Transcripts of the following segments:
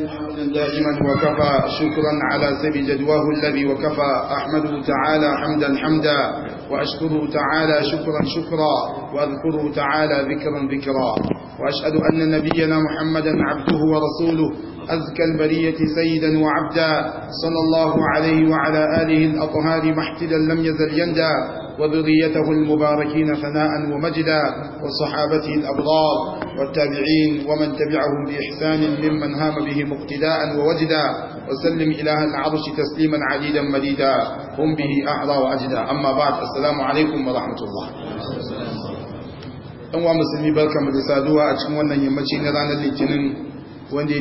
حمدا دائما وكفى شكرا على سبيل جدواه الذي وكفى أحمده تعالى حمدا حمدا وأشكره تعالى شكرا شكرا وأذكره تعالى ذكرا ذكرا وأشهد أن نبينا محمدا عبده ورسوله أزكى البرية سيدا وعبدا صلى الله عليه وعلى آله الأطهار محتدا لم يزل يندى وذريته المباركين ثناء ومجدا وصحابته الأبرار والتابعين ومن تبعهم بإحسان ممن هام به مقتداء ووجدا وسلم إله العرش تسليما عديدا مديدا هم به أعلى وأجدا أما بعد السلام عليكم ورحمة الله ɗanwa musulmi barka mu da saduwa a cikin wannan yammaci na ranar litinin wanda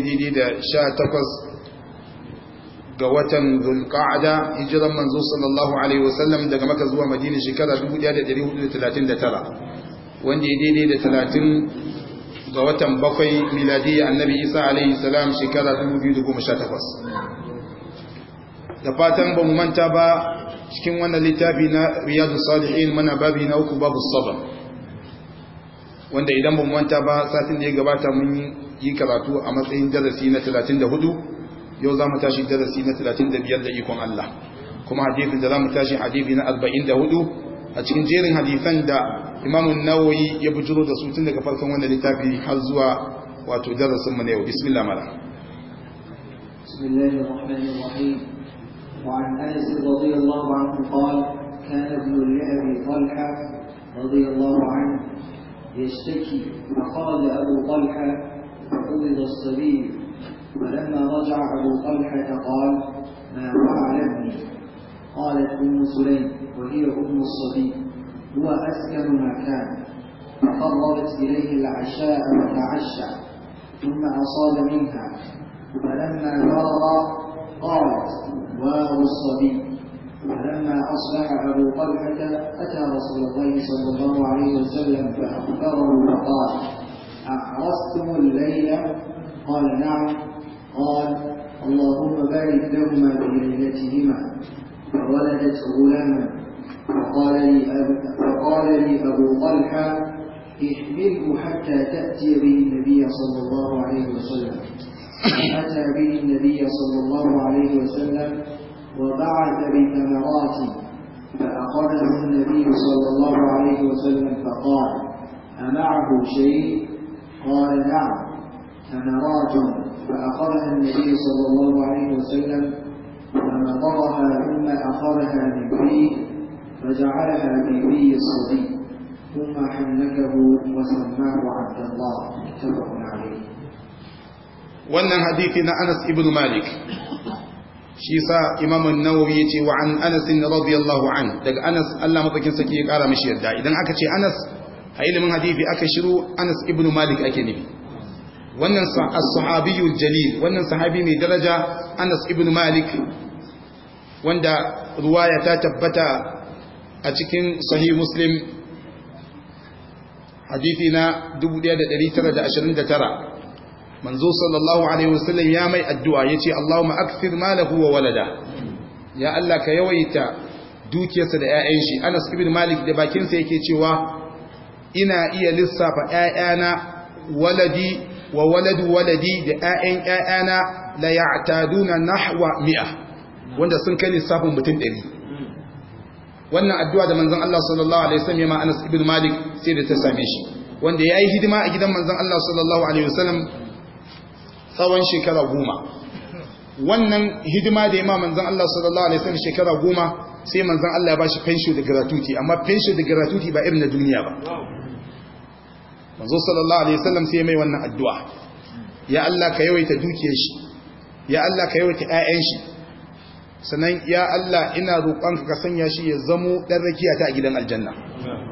ga watan zulqa'ada hijiran manzo sallallahu alaihi wasallam daga maka zuwa madina shekara 1439 wanda ya daidai da 30 ga watan bakwai miladi annabi isa alaihi salam shekara 2018 da fatan ban manta ba cikin wannan littafi na riyadu salihin mana babi na uku babu sabr wanda idan ban mu manta ba satin da ya gabata mun yi karatu a matsayin darasi na 34 yau za mu tashi darasi na 35 da ikon Allah kuma hadisin da za mu tashi hadisi na 44 a cikin jerin hadisan da imamun nawoyi ya bujiro da su tun daga farkon wannan littafi har zuwa wato darasin mu na yau bismillah mala bismillahir rahmanir rahim وعن انس رضي الله عنه قال كان ابن لأبي طلحه رضي الله عنه يشتكي فقال ابو طلحه فقبض الصبي ولما رجع أبو طلحة قال ما ابني قالت أم سليم وهي أم الصديق هو أسكن ما كان فقربت إليه العشاء وتعشى ثم أصاب منها فلما فرغ قالت واو الصديق فلما أصبح أبو طلحة أتى رسول الله صلى الله عليه وسلم فأخبره فقال أعرستم الليلة قال نعم قال اللهم بارك لهما بمنتهما فولدت غلاما فقال لي أبو, فقال لي أبو طلحة احمله حتى تأتي به النبي صلى الله عليه وسلم فأتى به النبي صلى الله عليه وسلم وبعث بثمرات فأخذه النبي صلى الله عليه وسلم فقال أمعه شيء قال نعم ثمرات فأخذها النبي صلى الله عليه وسلم فنظرها ثم أخذها من فيه فجعلها في فيه الصبي ثم حنكه وسماه عبد الله متفق عليه. وأن حديث أنس بن مالك شيسا إمام النووي وعن أنس رضي الله عنه دق أنس الله مطكين سكي قال مشير دا إذن أكتش أنس هاي من حديث أكشرو أنس ابن مالك أكنبي wannan as jalil wannan sahabi mai daraja Anas ibn Malik wanda ruwaya ta tabbata a cikin sahih Muslim hadithi na 1929 manzo sallallahu alaihi wasallam ya mai addu'a yace Allahumma akthir malahu wa walada ya Allah ka yawaita dukiyarsa da ƴaƴan shi Anas ibn Malik da bakin sa yake cewa ina iya lissafa ƴaƴana waladi wa waladu waladi da 'ya'yan 'ya'yana la ya'taduna nahwa mi'a wanda sun kai lissafin mutum ɗari. wannan addu'a da manzon Allah sallallahu Malik sai da ta same shi wanda yayi hidima a gidan manzon Allah sallallahu tsawon shekara goma wannan hidima da ya ma manzon Allah sallallahu alaihi wasallam shekara goma sai manzon Allah ya bashi pension da gratuity amma pension da gratuity ba irin na duniya ba manzo sallallahu alaihi wasallam sai mai wannan addu'a ya Allah ka yawaita dukiyar shi ya Allah ka yawaita ƴaƴan shi sannan ya Allah ina roƙonka ka sanya shi ya zamo dan rakiya ta gidan aljanna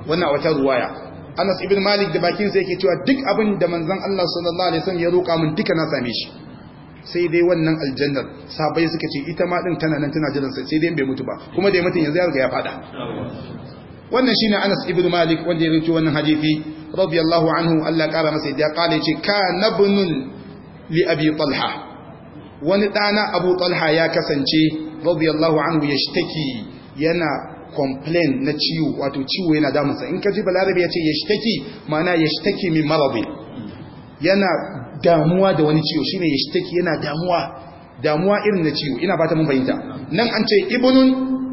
wannan wata ruwaya Anas ibn Malik da bakin sa yake cewa duk abin da manzon Allah sallallahu alaihi wasallam ya roƙa min duka na same shi sai dai wannan aljannar sabai suka ce ita ma din tana nan tana jiran sai dai bai mutu ba kuma dai mutun yanzu ya riga ya fada wannan shine Anas ibn Malik wanda ya rinci wannan hadisi radiyallahu anhu Allah kara masa yadda kala yace kana li abi talha wani dana abu talha ya kasance radiyallahu anhu yashtaki yana complain na ciwo wato ciwo yana damunsa in ka ji balarabi ya ce yashtaki ma'ana yashtaki min maradi yana damuwa da wani ciwo shine yashtaki yana damuwa damuwa irin na ciwo ina fata mun bayyana nan an ce ibnun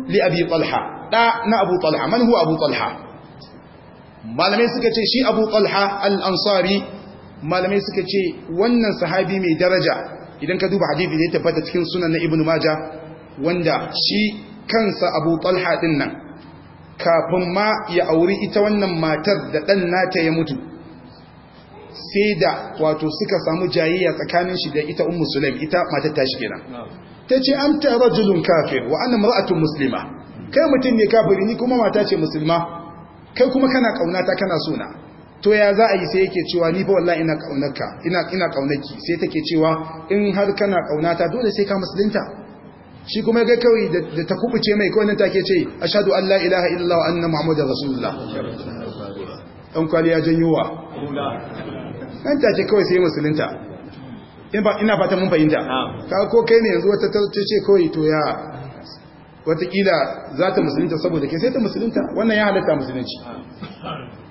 li abi talha da na abu talha man huwa abu talha malamai suka ce shi abu talha al-ansari malamai suka ce wannan sahabi mai daraja idan ka duba hadithi da ya tabbata cikin sunan na ibn maja wanda shi kansa abu talha din nan kafin ma ya auri ita wannan matar da ɗan nata ya mutu sai da wato suka samu jayayya tsakanin shi da ita ummu sulaim ita matar tashi kenan tace anta rajulun kafir wa ana mar'atun muslima kai mutum ne kafiri ni kuma mata ce musulma kai kuma kana kaunata kana sona to ya za a yi sai yake cewa ni fa wallahi ina kaunarka ina ina kaunarki sai take cewa in har kana kaunata dole sai ka musulunta shi kuma ga kawai da ta kubuce mai ko nan take ce ashhadu an la ilaha illallah wa anna muhammadar rasulullah dan kwali ya janyuwa dan take kawai sai musulunta ina fata mun fahimta ka ko kai ne yanzu wata ta ce kawai to ya watakila za ta musulunta saboda ke sai ta musulunta wannan ya halatta musulunci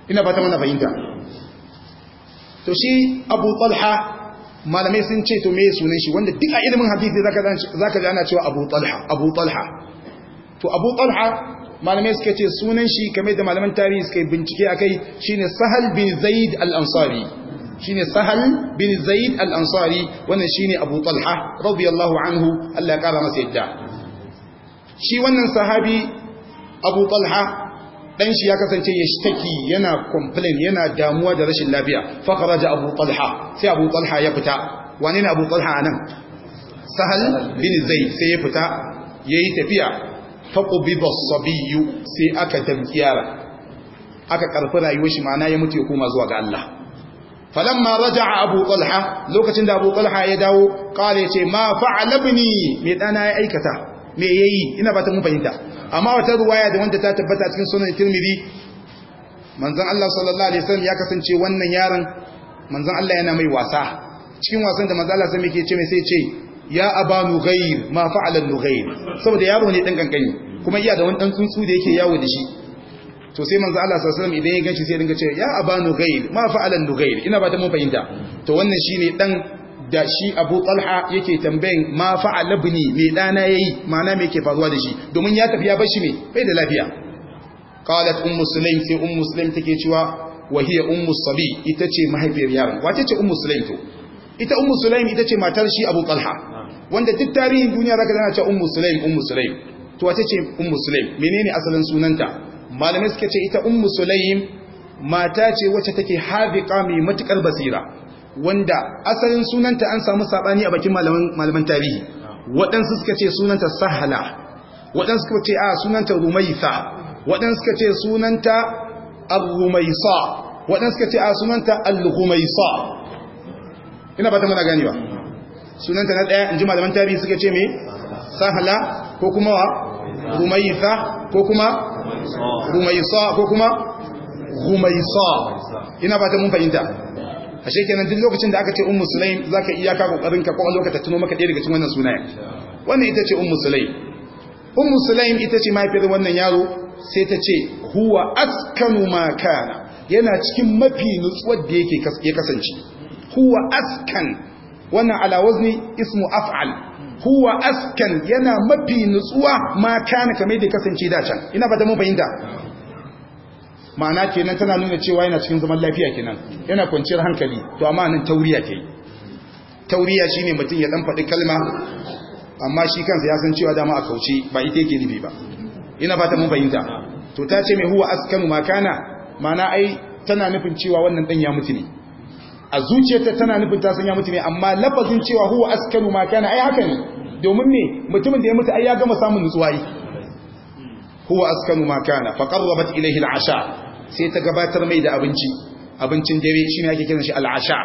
ina ba ta mana fahimta to shi abu talha malamai sun ce to meye sunan shi wanda duk a ilimin hadithi za ji ana cewa abu talha abu talha to abu talha malamai suka ce sunan shi kamar da malaman tarihi suka bincike akai shine sahal bin zaid al-ansari shine sahal bin zaid al-ansari wannan shine abu talha radiyallahu anhu Allah ya kara masa yadda shi wannan sahabi abu talha dan shi ya kasance ya shtaki yana complain yana damuwa da rashin lafiya fa kharaja abu talha sai abu talha ya fita wane ne abu talha anan sahal bin zaid sai ya fita yayi tafiya fa qubida sabiyu sai aka damkiyara aka karfi rayuwar shi ma'ana ya mutu ya koma zuwa ga Allah falamma a abu talha lokacin da abu talha ya dawo kare ce ma fa'alabni mai me ya aikata me yi ina ba ta mun fahimta amma wata ruwaya da wanda ta tabbata cikin sunan Tirmidhi manzon Allah sallallahu alaihi wasallam ya kasance wannan yaron manzon Allah yana mai wasa cikin wasan da manzon Allah sai yake ce mai sai ce ya abanu ghayr ma fa'ala al-ghayr saboda yaro ne dan kankani kuma iya da wani dan tsuntsu da yake yawo da shi to sai manzon Allah sallallahu alaihi wasallam idan ya ganshi sai ya dinga ce ya abanu ghayr ma fa'ala al-ghayr ina ba ta mun fahimta to wannan shine dan da shi abu talha yake tambayin ma fa'ala ibni me ya yi mana me ke faruwa da shi domin ya tafiya ya bar shi me bai da lafiya qalat ummu sulaim sai ummu sulaim take cewa wa hiya ummu ita ce mahaifiyar yaron wace ce ummu sulaim to ita ummu sulaim ita ce matar shi abu talha wanda duk tarihin duniya zaka dana ce ummu sulaim ummu sulaim to wace ce ummu sulaim menene asalin sunanta malamai suka ce ita ummu sulaim mata ce wacce take hafiqa mai matuƙar basira wanda asalin sunanta an samu sabani a bakin malaman malaman tarihi waɗansu suka ce sunanta sahala waɗansu suka ce a ah, sunanta rumaisa waɗansu suka ce sunanta ar-rumaisa waɗansu suka ce a ah, sunanta al-rumaisa ina ba ta mana gani ba sunanta na ɗaya inji malaman tarihi suka ce me sahala ko kuma rumaisa ko kuma rumaisa ko kuma rumaisa ina ba ta mun fahimta ashe kenan duk lokacin da aka ce ummu sulaim zaka iyaka kokarin ka kowa lokacin tuno maka ɗaya daga cikin wannan sunayen wannan ita ce ummu sulaim ummu sulaim ita ce mahaifiyar wannan yaro sai ta ce huwa askanu ma kana yana cikin mafi nutsuwar da yake ya kasance huwa askan wannan ala wazni ismu af'al huwa askan yana mafi nutsuwa ma kana kamar da kasance da can ina ba da mun fahimta ma'ana kenan tana nuna cewa yana cikin zaman lafiya kenan yana kwanciyar hankali to amma nan tauriya ke. Tauriya shi ne mutum ya dan faɗi kalma amma shi kansa ya san cewa dama a kauce ba ita yake nufi ba ina fata mun fahimta to ta ce mai huwa askanu makana ma'ana ai tana nufin cewa wannan dan ya mutu ne a zuciyarta tana nufin ta san ya mutu ne amma lafazin cewa huwa askanu makana ai haka ne domin me mutumin da ya mutu ai ya gama samun nutsuwa huwa askanu makana faqarrabat ilayhi al'asha sai ta gabatar mai da abinci abincin dare shi ne ake kiran shi al'asha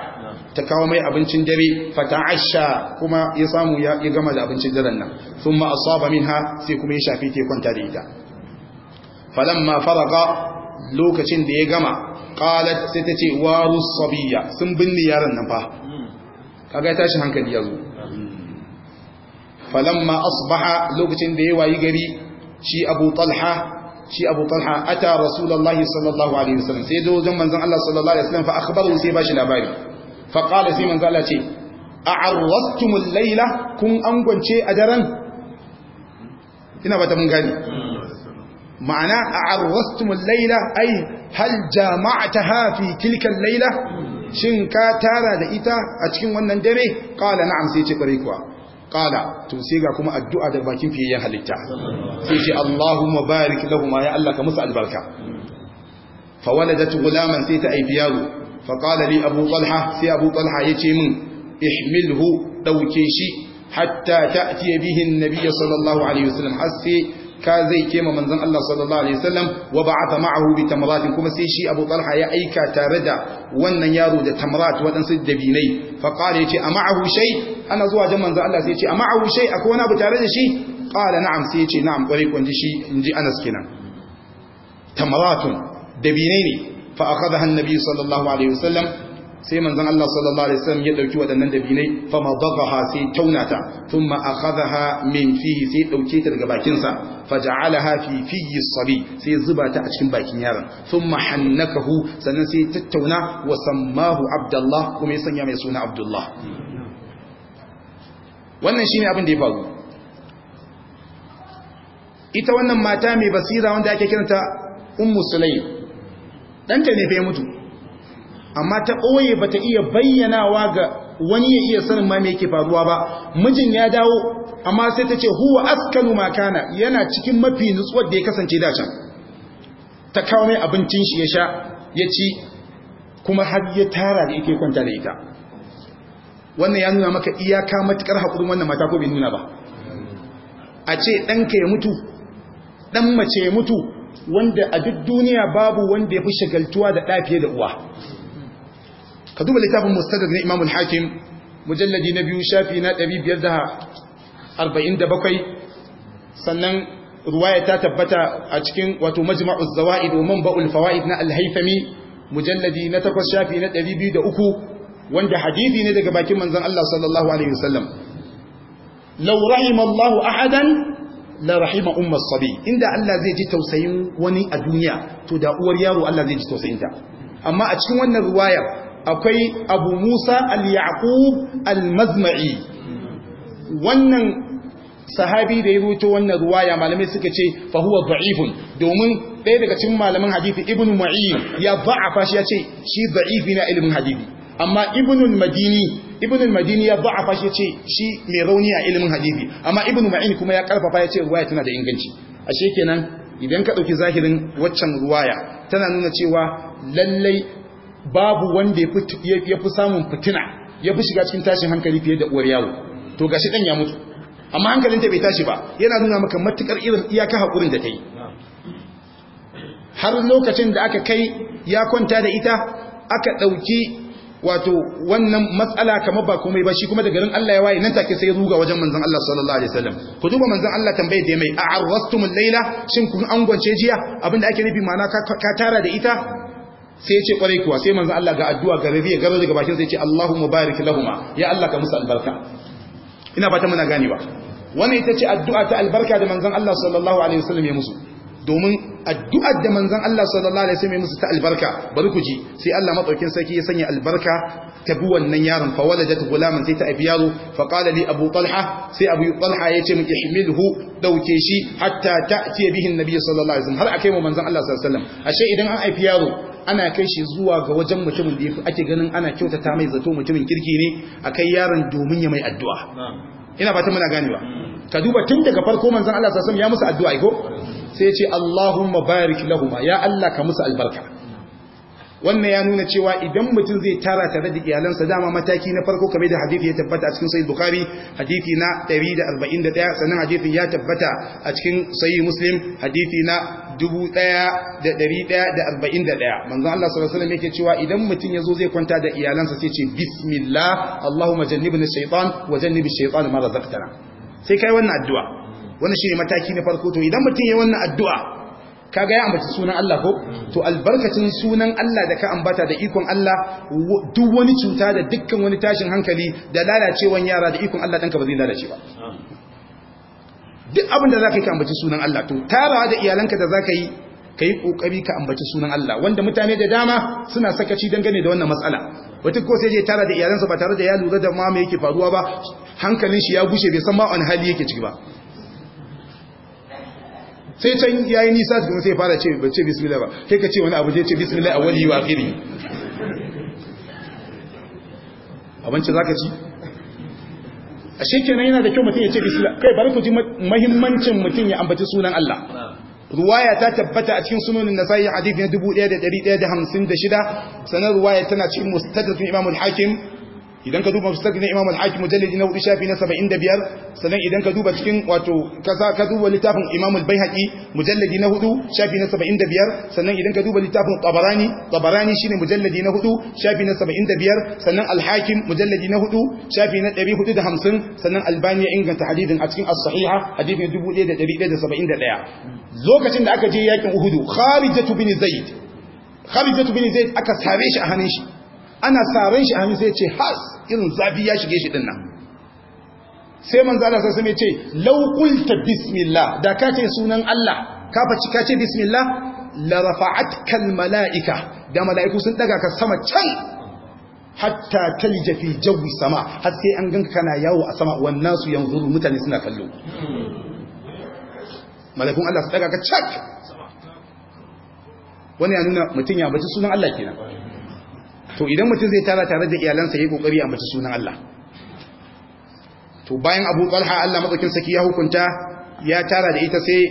ta kawo mai abincin dare fata'asha kuma ya samu ya gama da abincin daren nan sun ma asaba ha sai kuma ya shafi ta kwanta da ita ma faraga lokacin da ya gama qalat sai ta ce waru sabiya sun binne yaron nan fa kaga tashi hankali yazo ma asbaha lokacin da ya wayi gari shi abu talha shi Abu Talha ata Rasulullahi sallallahu alaihi wasallam sai zo wajen manzon Allah sallallahu alaihi wasallam fa akhbaru sai bashi labari fa qala sai manzon Allah ce a'arrastum al-laila kun angwance a daren ina ba ta mun gani ma'ana a'arrastum al-laila ai hal jama'taha fi tilka al-laila shin ka tara da ita a cikin wannan dare qala na'am sai ce bare kuwa qala to sai ga kuma addu'a da bakin fiyayyen halitta sai ce Allahumma barik lahumma ya Allah ka musu albarka fa waladat gulaman sai ta aifi yaro fa qala li abu talha sai abu talha yace min ihmilhu dauke shi hatta ta'ti bihi an-nabiy sallallahu alaihi wasallam ka zai kema manzan Allah sallallahu alaihi wasallam wa ba a ba'atha ma'ahu bi tamratin kuma sai shi Abu Talha ya aika tare da wannan yaro da tamrat waɗansu dabinai fa ya ce a ma'ahu shay ana zuwa jan manzan Allah sai ce a ma'ahu shay a wani abu tare da shi qala na'am sai ce na'am kwarai kun ji shi inji Anas kenan tamratun dabinai ne fa akhadha an-nabi sallallahu alaihi wasallam sai manzon Allah sallallahu alaihi wasallam ya dauki waɗannan dabinai fa madaghaha sai taunata thumma akhadha min fiye sai dauke ta daga bakin sa faja'alaha fi fiye sabi sai zuba ta a cikin bakin yaron thumma hannakahu sannan sai tattauna wa sammahu abdullah kuma ya sanya mai suna abdullah wannan ne abin da ya faru ita wannan mata mai basira wanda ake kiranta ummu sulaim danta ne fa ya mutu amma ta ɓoye ba ta iya bayyanawa ga wani ya iya sanin ma me yake faruwa ba mijin ya dawo amma sai ta ce huwa askanu makana yana cikin mafi nutsuwar da ya kasance da can ta kawo mai abincin shi ya sha ya ci kuma har ya tara da yake kwanta da ita wannan ya nuna maka iyaka matukar haƙurin wannan mata ko bai nuna ba a ce ɗanka ya mutu ɗan mace ya mutu wanda a duk duniya babu wanda ya fi shagaltuwa da ɗafiye da uwa ka duba littafin mustadrak na imamul hakim mujalladi na biyu shafi na 547 sannan ruwaya ta tabbata a cikin wato majma'uz zawaid wa manba'ul fawaid na al-haythami mujalladi na takwas shafi na 203 wanda hadisi ne daga bakin manzon Allah sallallahu alaihi wasallam law rahima Allahu ahadan la rahima umma as-sabi inda Allah zai ji tausayin wani a duniya to da uwar yaro Allah zai ji tausayin ta amma a cikin wannan ruwayar. akwai abu musa al-yaqub al-mazma'i wannan sahabi da ya rubuta wannan ruwaya malamai suka ce fa huwa da'ifun domin ɗaya daga cikin malaman hadisi ibn mu'in ya ba'afa shi ya ce shi da'ifi na ilimin hadisi amma ibn madini ibn madini ya ba'afa shi ya ce shi mai rauni a ilimin hadisi amma ibn mu'in kuma ya karfafa ya ce ruwaya tana da inganci ashe kenan idan ka ɗauki zahirin waccan ruwaya tana nuna cewa lallai babu wanda ya fi samun fitina ya fi shiga cikin tashin hankali fiye da uwar yawo to gashi dan ya mutu amma hankalinta bai tashi ba yana nuna maka matukar irin iyaka hakurin da ta yi har lokacin da aka kai ya kwanta da ita aka ɗauki wato wannan matsala kamar ba komai ba shi kuma da garin Allah ya waye nan take sai ruga wajen manzon Allah sallallahu alaihi wasallam ku duba manzon Allah tambaye da mai a arwastumul laila shin kun angwance jiya abinda ake nufi ma'ana ka tara da ita sai ce kwarai kuwa sai manzo Allah ga addu'a ga rabiya gaba daga bakin sai ce Allahumma barik lahumma ya Allah ka musu albarka ina fata muna ba. wannan ita ce addu'a ta albarka da manzon Allah sallallahu alaihi wasallam ya musu domin addu'a da manzon Allah sallallahu alaihi wasallam ya musu ta albarka bari ku ji sai Allah madaukin sarki ya sanya albarka ta bi wannan yaron fa waladat gulaman sai ta aifi yaro fa qala li abu talha sai abu talha ya ce miki himilhu dauke shi hatta ta'ti bihi annabi sallallahu alaihi wasallam har akai mu manzon Allah sallallahu alaihi wasallam ashe idan an aifi yaro ana kai shi zuwa ga wajen mutumin da ake ganin ana kyautata mai zato mutumin kirki ne a kai yaron domin ya mai addu'a ina fatan muna ganewa ka duba tun daga farko manzon Allah sallallahu alaihi wasallam ya musu addu'a ko sai ya ce Allahumma barik lahum ya Allah ka musu albarka wannan ya nuna cewa idan mutum zai tara tare da iyalansa dama mataki na farko kamar da hadisi ya tabbata a cikin sahih bukhari hadisi na 141 sannan hadisi ya tabbata a cikin sahih muslim hadisi na 1141 manzo Allah sallallahu alaihi wasallam yake cewa idan mutum yazo zai kwanta da iyalansa sai ce bismillah allahumma jannibna shaytan wa jannibi shaytan ma razaqtana sai kai wannan addu'a wannan shine mataki na farko to idan mutum yayi wannan addu'a kaga ya ambaci sunan Allah ko to albarkacin sunan Allah da ka ambata da ikon Allah duk wani cuta da dukkan wani tashin hankali da lalacewan yara da ikon Allah danka ba zai lalace ba duk abin da zaka yi ka ambaci sunan Allah to tara da iyalanka da zaka yi ka yi ka ambaci sunan Allah wanda mutane da dama suna sakaci dangane da wannan matsala wata ko sai je tara da iyalansa ba tare da ya lura da ma me yake faruwa ba hankalin shi ya gushe bai san ma an hali yake ciki ba sai can yayi nisa tukun sai fara ce ba ce bismillah ba kai ka ce wani abu je ce bismillah awwali wa akhiri abinci zaka ci A kenan yana da kyau mutum ya ce bismillah kai bari ku ji muhimmancin mutum ya ambaci sunan Allah ruwaya ta tabbata a cikin sunanin nasai hadith na 1156 sanar ruwaya tana cikin mustadrak Imam al-Hakim idan ka duba na imam al-hakim mujallidi na shafi na 75 sannan idan ka duba cikin wato kaza ka duba littafin imam al-baihaqi mujallidi na 4 shafi na 75 sannan idan ka duba littafin tabarani tabarani shine mujallidi na 4 shafi na 75 sannan al-hakim mujallidi na 4 shafi na 450 sannan albani ya inganta hadithin a cikin as-sahiha hadithin 1171 lokacin da aka je yakin uhudu kharijatu bin zaid kharijatu bin zaid aka sare shi a hannun shi ana saran shi a hannun sai ya ce has irin zafi ya shige shi din nan sai manzo Allah sai ya ce law qulta bismillah da ka ce sunan Allah ka faci ka ce bismillah la rafa'atka al mala'ika da mala'iku sun daga ka sama can hatta talja fi jawi sama har sai an ganka kana yawo a sama wannan su yanzuru mutane suna kallo mala'ikun Allah su daga ka cak wani ya nuna mutum ya bace sunan Allah kenan to idan mutum zai tara tare da iyalansa yayi kokari a mace sunan Allah to bayan Abu Talha Allah madaukin saki ya hukunta ya tara da ita sai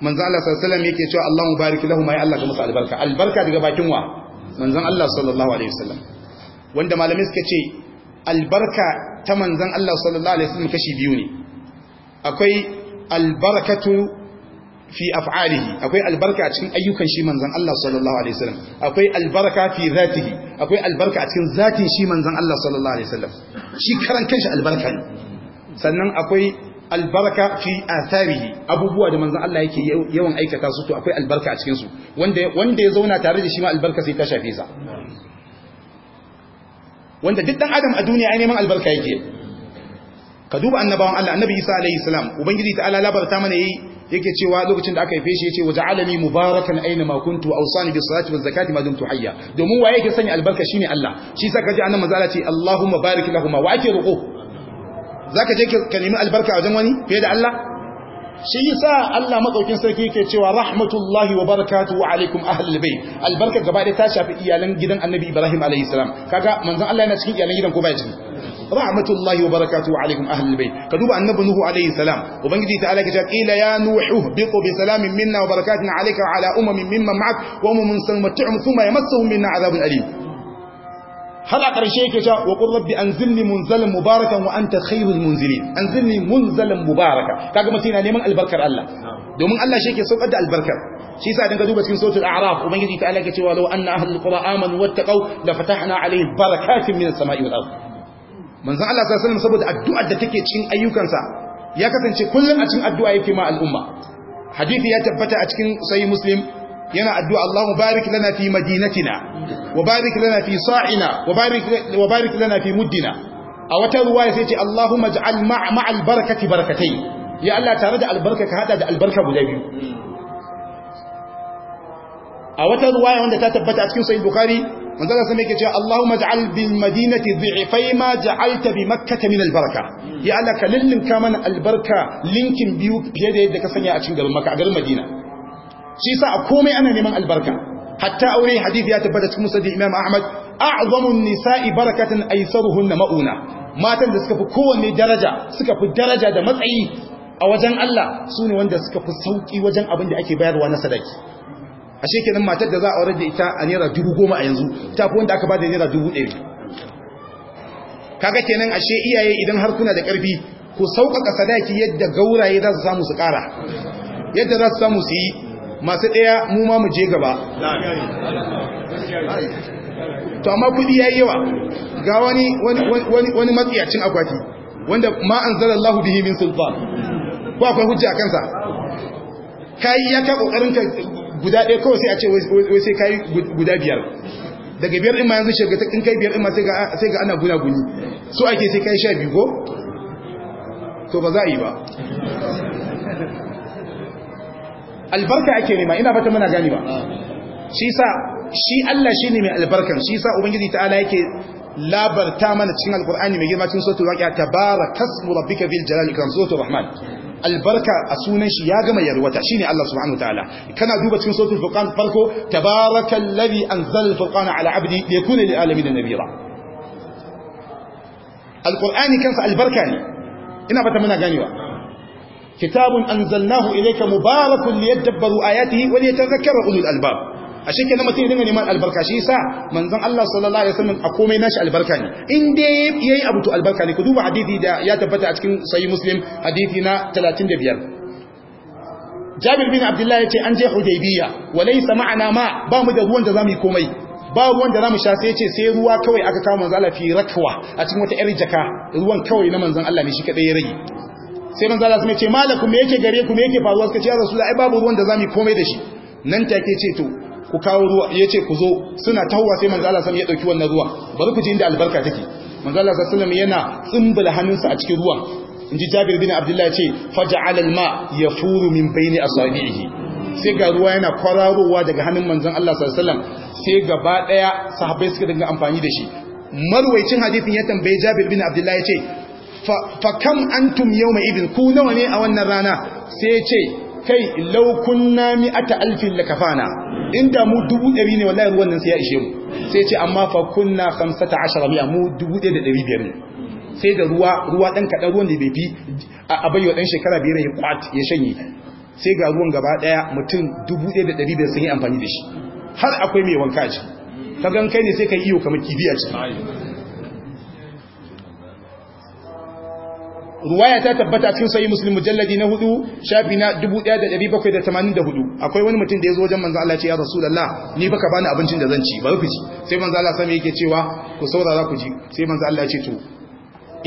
manzo Allah sallallahu alaihi wasallam yake cewa Allahu barik lahum ay Allah ka musu albarka albarka daga bakin wa manzon Allah sallallahu alaihi wasallam wanda malamai suka ce albarka ta manzon Allah sallallahu alaihi wasallam kashi biyu ne akwai albarakatu fi af'alihi akwai albarka a cikin ayyukan shi manzon Allah sallallahu alaihi wasallam akwai albarka fi zatihi akwai albarka a cikin zatin shi manzon Allah sallallahu alaihi wasallam shi karan kanshi albarka ne sannan akwai albarka fi atharihi abubuwa da manzon Allah yake yawan aikata su to akwai albarka a cikin su wanda wanda ya zauna tare da shi ma albarka sai ta shafe sa wanda duk dan adam a duniya ai neman albarka yake ka duba annabawan Allah annabi Isa alaihi salam ubangiji ta'ala labarta mana yayi yake cewa lokacin da aka haife shi yace waja'alani mubarakan aina ma kuntu awsani bis salati waz zakati ma dumtu hayya domin waye yake sanya albarka shine Allah shi saka ji annabi manzo ce Allahumma barik lahumma wa ake roko zaka je ka nemi albarka wajen wani fiye da Allah shi yasa Allah madaukin sarki yake cewa rahmatullahi wa barakatuhu alaikum ahlul bayt albarka gaba da ta shafi iyalan gidan annabi Ibrahim alayhi salam kaga manzon Allah yana cikin iyalan gidan ko baya cikin rahmatullahi wa barakatuhu alaihim ahlul bait ka duba annabi nuhu alaihi salam ubangiji ta alaka ta qila ya nuhu biqu bi salamin minna wa barakatin alayka wa ala ummin mimman ma'ak wa ummun sanmat'um thumma yamassuhum minna adhabun alim har a ƙarshe yake cewa wa qur rabbi anzilni munzalan mubarakan wa an ta khairul munzilin anzilni munzalan mubaraka kaga mutum yana neman albarkar Allah domin Allah shi yake saukar da albarkar shi yasa dan ka duba cikin sautin a'raf ubangiji ta alaka cewa law anna ahlul qura amanu wattaqu la fatahna alaihim barakatin minas sama'i wal ardh manzon Allah sallallahu saboda addu'ar da take cikin ayyukansa ya kasance kullum a cikin addu'a yake ma al'umma hadisi ya tabbata a cikin sahih muslim yana addu'a Allahu barik lana fi madinatina wa barik lana fi sa'ina wa barik wa barik lana fi muddina a wata ruwaya sai ce Allahumma ij'al ma'al barakati barakatayn ya Allah tare da albarka ka hada da albarka guda biyu a wata ruwaya wanda ta tabbata a cikin sahih bukhari manzala sai yake cewa Allahumma ja'al bil madinati dhi'fai ma ja'alta bi makkah min al baraka ya Allah ka lillinka mana albarka linkin biyu fiye da yadda ka sanya a cikin garin makka a garin madina shi yasa a komai ana neman albarka hatta aure hadisi ya tabbata cikin musnad imam ahmad a'zamu an-nisa'i barakatan aysaruhunna mauna matan da suka fi kowanne daraja suka fi daraja da matsayi a wajen Allah sune wanda suka fi sauƙi wajen abin da ake bayarwa na sadaki ashe kenan matar da za a warar da ita a naira dubu goma a yanzu ta fi wanda aka ba da naira dubu ɗari kaga kenan ashe iyaye idan har kuna da ƙarfi ku sauƙaƙa sadaki yadda gauraye za su samu su ƙara yadda za su samu su yi masu ɗaya mu ma mu je gaba to amma kuɗi ya yi yawa ga wani wani matsiyacin akwati wanda ma an zara Allah bihi min sultan ko akwai hujja kansa kai ya ka ƙoƙarin ka guda ɗaya kawai sai a ce wai sai kai guda biyar daga biyar ɗin ma yanzu shiga in kai biyar ɗin ma sai ga ana guna guni so ake sai kai sha biyu ko to ba za a yi ba albarka ake nema ina fata mana gani ba shi sa shi Allah shi ne mai albarkan shi sa ubangiji ta'ala yake labar ta mana cikin alkur'ani mai girma cikin suratul waqi'a tabarakasmu rabbika bil jalali kan suratul rahman albarka a sunan shi ya gama yarwata shine Allah subhanahu wa ta'ala kana duba cikin suratul furqan farko tabaraka alladhi anzala alfurqana ala abdi yakuna lil alamin nabira alkur'ani kansa albarka ne ina fata muna ganewa kitabun anzalnahu ilayka mubarakun liyadabbaru ayatihi wa liyatadhakkara ulul albab a shi kenan mutum dinga neman albarka shi yasa manzan Allah sallallahu alaihi wasallam a komai nashi albarka ne in dai yayi abu to albarka ne ku duba hadithi da ya tabbata a cikin sayi muslim hadithi na 35 Jabir bin Abdullah ce an je Hudaybiya walaysa ma'ana ma ba mu da ruwan da za mu yi komai ba ruwan da zamu sha sai yace sai ruwa kawai aka kawo manzon Allah fi rakwa a cikin wata yar jaka ruwan kawai na manzan Allah ne shi kadai ya rage sai manzon Allah sai yace malakum me yake gare ku me yake faruwa suka ce ya Rasulullah ai babu ruwan da za mu yi komai da shi nan take ce to ku kawo ruwa Ya ce ku zo suna tawwa sai manzo Allah sallallahu alaihi ya dauki wannan ruwa bari ku ji inda albarka take manzo Allah sallallahu alaihi wasallam yana tsimbala hannunsa a cikin ruwa. inji Jabir bin Abdullah ce faj'al al-ma yafuru min a asabihi sai ga ruwa yana kwararowa daga hannun manzon Allah sallallahu sai gaba daya sahabbai suka dinga amfani da shi marwaicin hadithin ya tambaye Jabir bin Abdullah ce, fa kam antum yawma ibin ku nawa ne a wannan rana sai ya ce. kai law kunna mi'ata alfin kafana inda mu dubu ɗari ne wallahi ruwan nan sai ya ishe mu sai ce amma fa kunna ashara miya mu dubu ɗaya da ɗari biyar ne sai da ruwa ruwa ɗan kaɗan ruwan da bai fi a bayyawa ɗan shekara biyar ya kwat ya shanye sai ga ruwan gaba ɗaya mutum dubu ɗaya da ɗari biyar sun yi amfani da shi har akwai mai wanka a ciki ka gan kai ne sai ka yi iyo kamar kibiya ciki ruwaya ta tabbata cikin sahih muslim mujalladi na hudu shafi na 1784 akwai wani mutum da ya zo wajen manzo Allah ce ya rasulullah ni baka bani abincin da zan ci bari ku ci sai manzo Allah sai yake cewa ku saurara ku ji sai manzo Allah ya ce to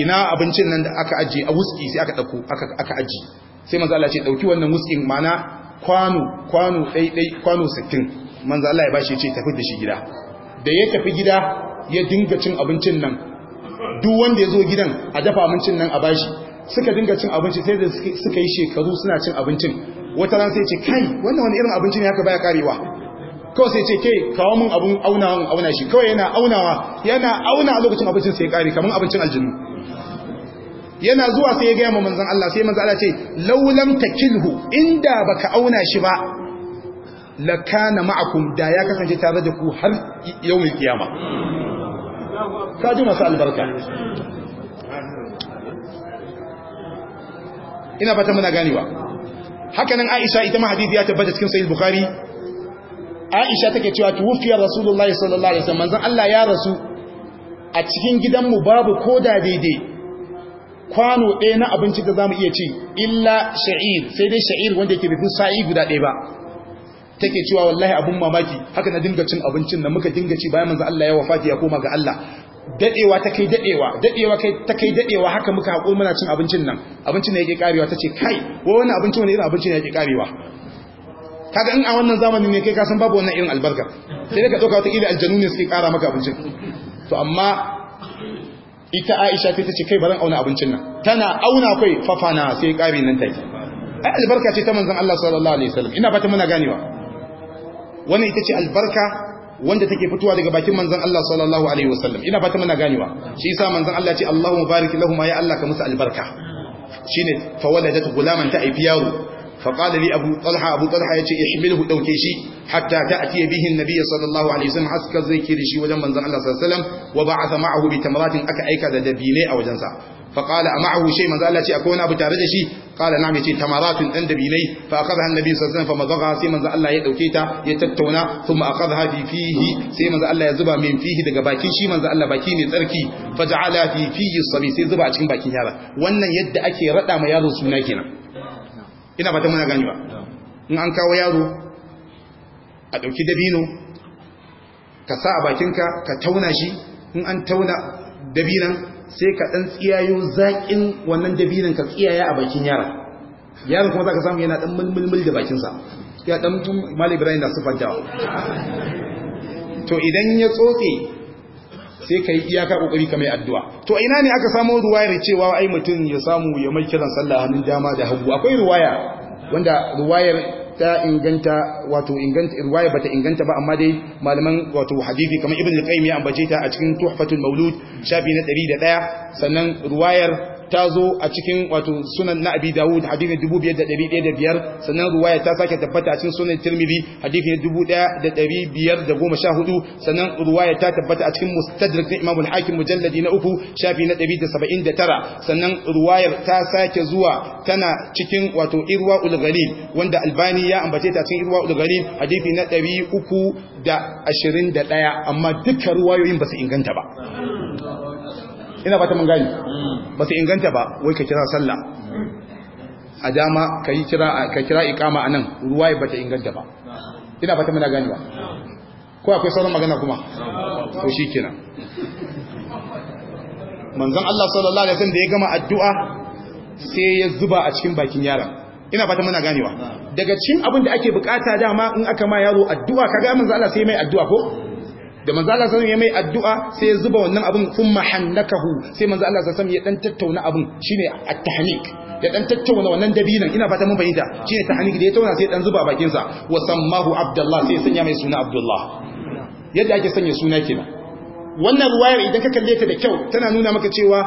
ina abincin nan da aka aje a wuski sai aka dauko aka aka aje sai manzo Allah ce dauki wannan wuskin mana kwano kwano dai dai kwano 60 manzo Allah ya bashi ya ce tafi da shi gida da ya tafi gida ya dinga cin abincin nan duk wanda ya zo gidan a dafa abincin nan a bashi suka dinga cin abinci sai da suka yi shekaru suna cin abincin wata ran sai ce kai wannan wani irin abinci ne haka baya karewa kawai sai ce kai kawo mun abun aunawa auna shi kawai yana aunawa yana auna a lokacin abincin sai ya kare kamar abincin aljinu yana zuwa sai ya gaya ma manzan Allah sai manzan Allah ce laulam takilhu inda baka auna shi ba lakana ma'akum da ya kasance tare da ku har yawmin kiyama ka ji masu albarka ina fata muna ganewa hakanan Aisha ita ma ya tabbata cikin sayi Bukhari Aisha take cewa tuwfiya Rasulullahi sallallahu alaihi wasallam manzon Allah ya rasu a cikin gidanmu babu ko da daidai kwano ɗaya na abinci da zamu iya ci illa sha'ir sai dai sha'ir wanda yake bifin sa'i guda ɗaya ba take cewa wallahi abun mamaki haka na dinga cin abincin da muka dinga ci bayan manzo Allah ya wafati ya koma ga Allah dadewa ta kai dadewa dadewa kai ta kai dadewa haka muka hako muna cin abincin nan abincin ne yake karewa tace kai wai wannan abincin ne irin abincin yake karewa kaga in a wannan zamani ne kai ka san babu wannan irin albarka sai daga doka ta wata ila aljanu ne suke kara maka abincin to amma ita Aisha ta ce kai bazan auna abincin nan tana auna kai fafana sai kare nan take ai albarka ce ta manzon Allah sallallahu alaihi wasallam ina fata muna ganewa wannan ita ce albarka wanda take fitowa daga bakin manzon Allah sallallahu alaihi wasallam ina fata muna ganewa shi yasa manzon Allah ce Allahu mubarik lahum ya Allah ka musu albarka shine fa waladat gulaman ta aifi yaro fa qala li abu talha abu talha yace ihmilhu dauke shi hatta ta'ti bihi annabi sallallahu alaihi wasallam haska zai shi wajen manzon Allah sallallahu alaihi wasallam wa ba'atha ma'ahu bi tamratin aka aika da dabine a wajensa fa qala ama'ahu shay Allah ce akwai wani abu tare da shi qala na'am yace tamaratun dan dabilai fa akhadha annabi sallallahu alaihi wasallam fa mazagha sai manzo Allah ya dauke ta ya tattauna thumma akhadha fi fihi sai manzo Allah ya zuba min fihi daga bakin shi manzo Allah baki ne tsarki fa ja'ala fi fihi sabi sai zuba a cikin bakin yara wannan yadda ake rada ma yaro suna kenan ina fata muna ganewa in an kawo yaro a dauki dabino ka sa a bakinka ka tauna shi in an tauna dabinan sai ka ɗan tsiyayo zaƙin wannan dabinin ka tsiyaya a bakin yara Yaran kuma za ka samu yana ɗan mulmul da bakinsa ya ɗan mutum mali ibrahim da sufanta to idan ya tsotse sai ka yi iyaka kokari ka mai addu'a to ina ne aka samu ruwayar cewa ai mutum ya samu ya mai kiran sallah hannun dama da hagu akwai ruwaya wanda ruwayar ta inganta wato inganta riwaya bata inganta ba amma dai malaman wato hadisi kamar ibn al-qayyim ya ambace ta a cikin tuhfatul maulud shafi na 101 sannan riwayar ta zo a cikin wato sunan na abi dawud hadithin 5,500 sannan ruwaya ta sake tabbata a cikin sunan tirmidhi hadithin 1,514 sannan ruwaya ta tabbata a cikin mustadrak na imamul hakim mujalladi na uku shafi na 179 sannan ruwayar ta sake zuwa tana cikin wato irwa ulghalil wanda albani ya ambace ta cikin irwa ulghalil hadithi na 321 amma duka ruwayoyin ba su inganta ba ina ba ta mun gani mm. ba su inganta ba wai ka kira sallah a dama ka yi kira ka kira iqama anan ruwa ba ta inganta ba ina ba ta mun gani ba ko akwai sauran magana kuma to shikenan manzon Allah sallallahu alaihi wasallam da ya gama addu'a sai ya zuba a cikin bakin yaron ina fata muna ganewa mm. daga cikin abin da ake bukata dama in aka ma yaro addu'a kaga manzon Allah sai mai addu'a ko da manzo Allah sallallahu alaihi wasallam ya mai addu'a sai ya zuba wannan abin thumma hannakahu sai manzo Allah sallallahu alaihi wasallam ya dan tattauna abin shine at-tahnik ya dan tattauna wannan dabinan ina fata mun bayyana shine tahnik da ya tauna sai dan zuba bakin sa wa sammahu abdullah sai sanya mai suna abdullah yadda ake sanya suna kenan wannan ruwayar idan ka kalle ta da kyau tana nuna maka cewa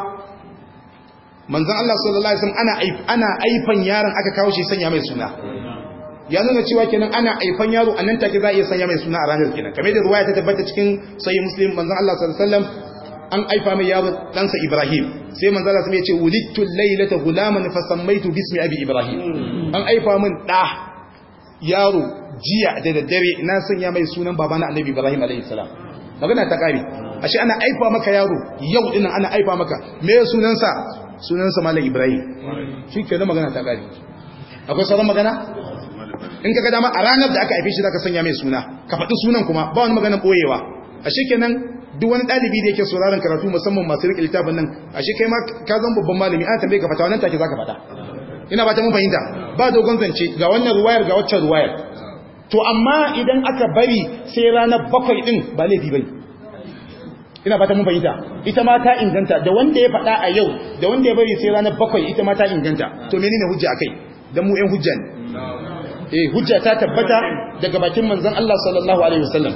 manzon Allah sallallahu alaihi wasallam ana ana aifan yaron aka kawo shi sanya mai suna ya nuna cewa kenan ana aifan yaro a nan take za a iya sanya mai suna a ranar kenan kamar da ruwaya ta tabbata cikin sayi muslim manzon Allah sallallahu alaihi wasallam an aifa mai yaro ɗansa Ibrahim sai manzala sun ya ce wulittu lailata gulaman fasammaitu bismi abi Ibrahim an aifa min ɗa yaro jiya da daddare na sanya mai sunan babana annabi Ibrahim alaihi salam magana ta kare ashe ana aifa maka yaro yau din ana aifa maka me sunansa sunansa malam Ibrahim shikenan magana ta kare akwai sauran magana in kaga dama a ranar da aka haife shi zaka sanya mai suna ka faɗi sunan kuma ba wani maganar koyewa a kenan duk wani ɗalibi da yake sauraron karatu musamman masu riƙe littafin nan a shi kai ma ka zan babban malami an tambaye ka fata wannan take zaka fata ina ba ta mun fahimta ba dogon zance ga wannan ruwayar ga waccan ruwayar to amma idan aka bari sai ranar bakwai din ba laifi bane ina ba ta mun fahimta ita ma ta inganta da wanda ya faɗa a yau da wanda ya bari sai ranar bakwai ita ma ta inganta to menene hujja akai dan mu ɗan hujja ne eh hujja ta tabbata daga bakin manzon Allah sallallahu alaihi wasallam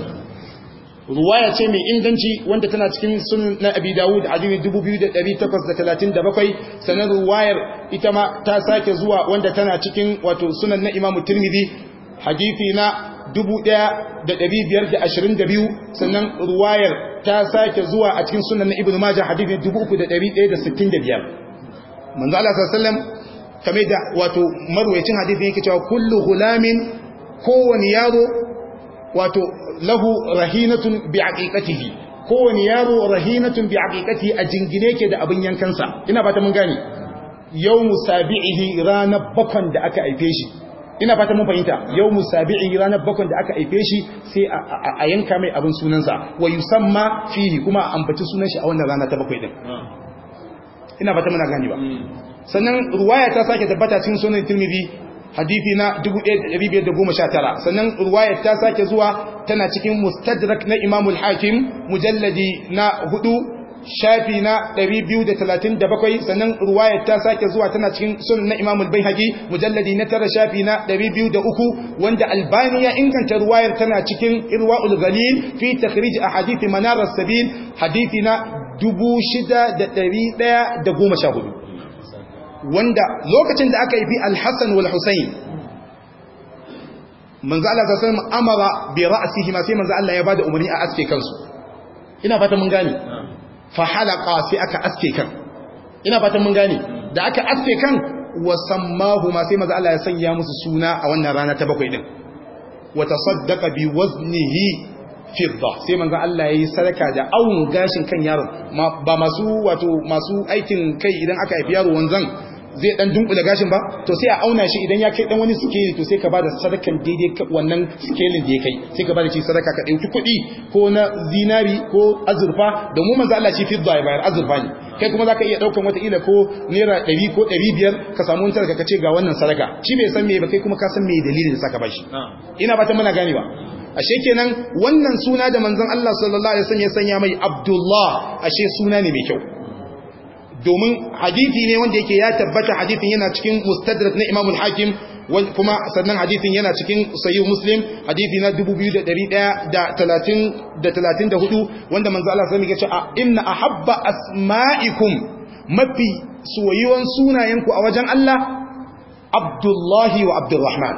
ruwaya ce mai inganci wanda tana cikin sunan na Abi Dawud hadisi 2837 sanan ruwayar ita ma ta sake zuwa wanda tana cikin wato sunan na Imam Tirmidhi hadisi na 1522 sannan ruwayar ta sake zuwa a cikin sunan na Ibn Majah hadisi 3165 manzo Allah sallallahu alaihi wasallam kamar da wato marwayacin hadisi yake cewa kullu gulamin kowani yaro wato lahu rahinatun bi aqiqatihi kowani yaro rahinatun bi aqiqatihi a jingine ke da abin yankansa ina fata mun gane yawmu sabihi ranar bakon da aka aife shi ina fata mun fahimta yawmu sabihi ranar bakon da aka aife shi sai a yanka mai abin sunansa wa yusamma fihi kuma ambaci sunan shi a wannan rana ta bakwai din ina fata mun gane ba hmm. sannan ruwaya ta sake tabbata cikin sunan tirmidhi hadisi na 1519 sannan ruwaya ta sake zuwa tana cikin mustadrak na imam al-hakim mujalladi na 4 shafi na 237 sannan ruwaya ta sake zuwa tana cikin sunan na imam al-baihaqi mujalladi na 9 shafi na 203 wanda albani ya inganta ruwayar tana cikin irwaul ghalil fi takhrij ahadith manar as-sabil hadisi na 6114 wanda lokacin da aka yi bi Alhassan hassan wal Husayn manzo Allah sallallahu alaihi wasallam amara bi ra'sihi ma sai manzo Allah ya bada umarni a aske kansu ina fata mun gane fa halaqa sai aka aske kan ina fata mun gane da aka aske kan wa sammahu ma sai manzo Allah ya sanya musu suna a wannan rana ta bakwai din wa tasaddaqa bi waznihi fidda sai manzon Allah yayi sadaka da awun gashin kan yaron ba masu wato masu aikin kai idan aka haifi yaro wanzan zai dan dunkule gashin ba to sai a auna shi idan ya kai dan wani sikeli to sai ka bada sadakan daidai wannan sikelin da ya kai sai ka bada shi sadaka ka dauki kuɗi ko na zinari ko azurfa domin manzo Allah shi fidda ya bayar azurfa ne kai kuma zaka iya daukan wata ila ko naira 100 ko 500 ka samu wani sadaka ka ce ga wannan sadaka shi bai san me ba kai kuma ka san me dalilin saka bashi ina ba ta muna ba. ashe kenan wannan suna da manzon Allah sallallahu alaihi wasallam ya sanya mai Abdullah ashe suna ne mai kyau domin hadisi ne wanda yake ya tabbata hadisin yana cikin mustadrak na Imam al-Hakim kuma sannan hadisin yana cikin sahih Muslim Hadithi na 2134 wanda manzo Allah sallallahu alaihi wasallam ya ce inna ahabba asma'ikum mafi soyuwan sunayenku a wajen Allah Abdullahi wa Abdurrahman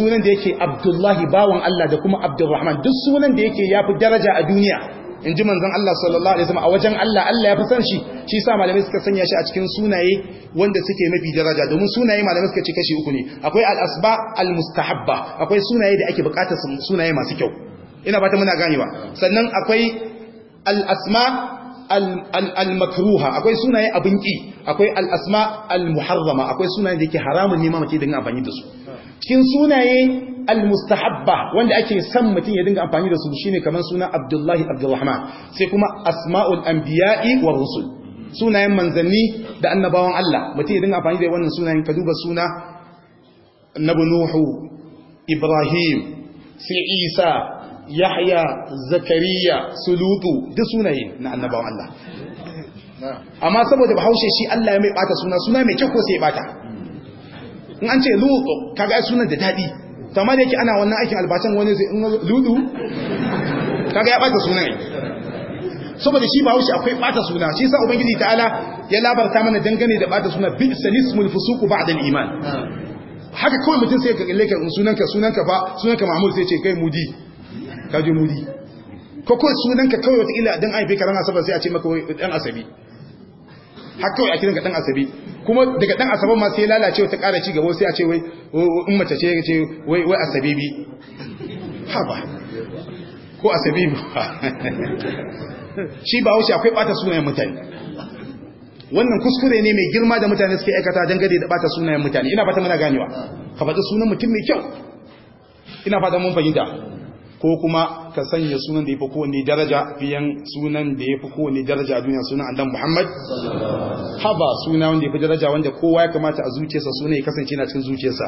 sunan da yake Abdullahi bawan Allah da kuma Abdurrahman duk sunan da yake yafi daraja a duniya in ji manzon Allah sallallahu alaihi wasallam a wajen Allah Allah ya fi san shi shi sa malamai suka sanya shi a cikin sunaye wanda suke mafi daraja domin sunaye malamai suka ci kashi uku ne akwai alasba al-mustahabba akwai sunaye da ake bukatar sunaye masu kyau ina ba ta muna ganewa sannan akwai al-asma al-makruha akwai sunaye abin ki akwai al-asma al-muharrama akwai sunaye da ke haramun ne mamaki dinga amfani da su cikin sunaye al-mustahabba wanda ake son mutum ya dinga amfani da su shine kamar sunan Abdullahi Abdulrahman sai kuma asma'ul anbiya'i wa rusul sunayen manzanni da annabawan Allah mutum ya dinga amfani da wannan sunayen ka duba suna annabi Nuhu Ibrahim sai Isa yahya zakariya sulutu duk sunaye na annabawan Allah amma saboda bahaushe shi Allah ya mai bata suna suna mai kyau ko sai ya bata in an ce lutu kaga sunan da dadi amma da yake ana wannan aikin albatan wani zai in lutu kaga ya bata sunan saboda shi bahaushe akwai bata suna shi yasa ubangiji ta'ala ya labarta mana dangane da bata suna bi sanismul fusuq ba'da al-iman haka kawai mutum sai ka kalle ka sunanka sunanka ba sunanka Mahmud sai ce kai mudi kaji mudi ko ko sunanka kawai wata ila dan aife ka ran asabar sai a ce maka dan asabi har kawai a kiranka dan asabi kuma daga dan asabar ma sai lalace wata ƙara ci gaba sai a ce wai in mace ce ce wai wai bi. ha ba ko bi shi ba wuce akwai bata sunayen mutane wannan kuskure ne mai girma da mutane suke aikata gade da bata sunayen mutane ina fata muna ganewa ka faɗi sunan mutum mai kyau ina fata mun fahimta ko kuma ka sanya sunan da ya fi kowane daraja fiyan sunan da ya fi kowane daraja a duniya sunan andan muhammad haba suna wanda ya fi daraja wanda kowa ya kamata a zuciyarsa sunan ya kasance na cikin zuciyarsa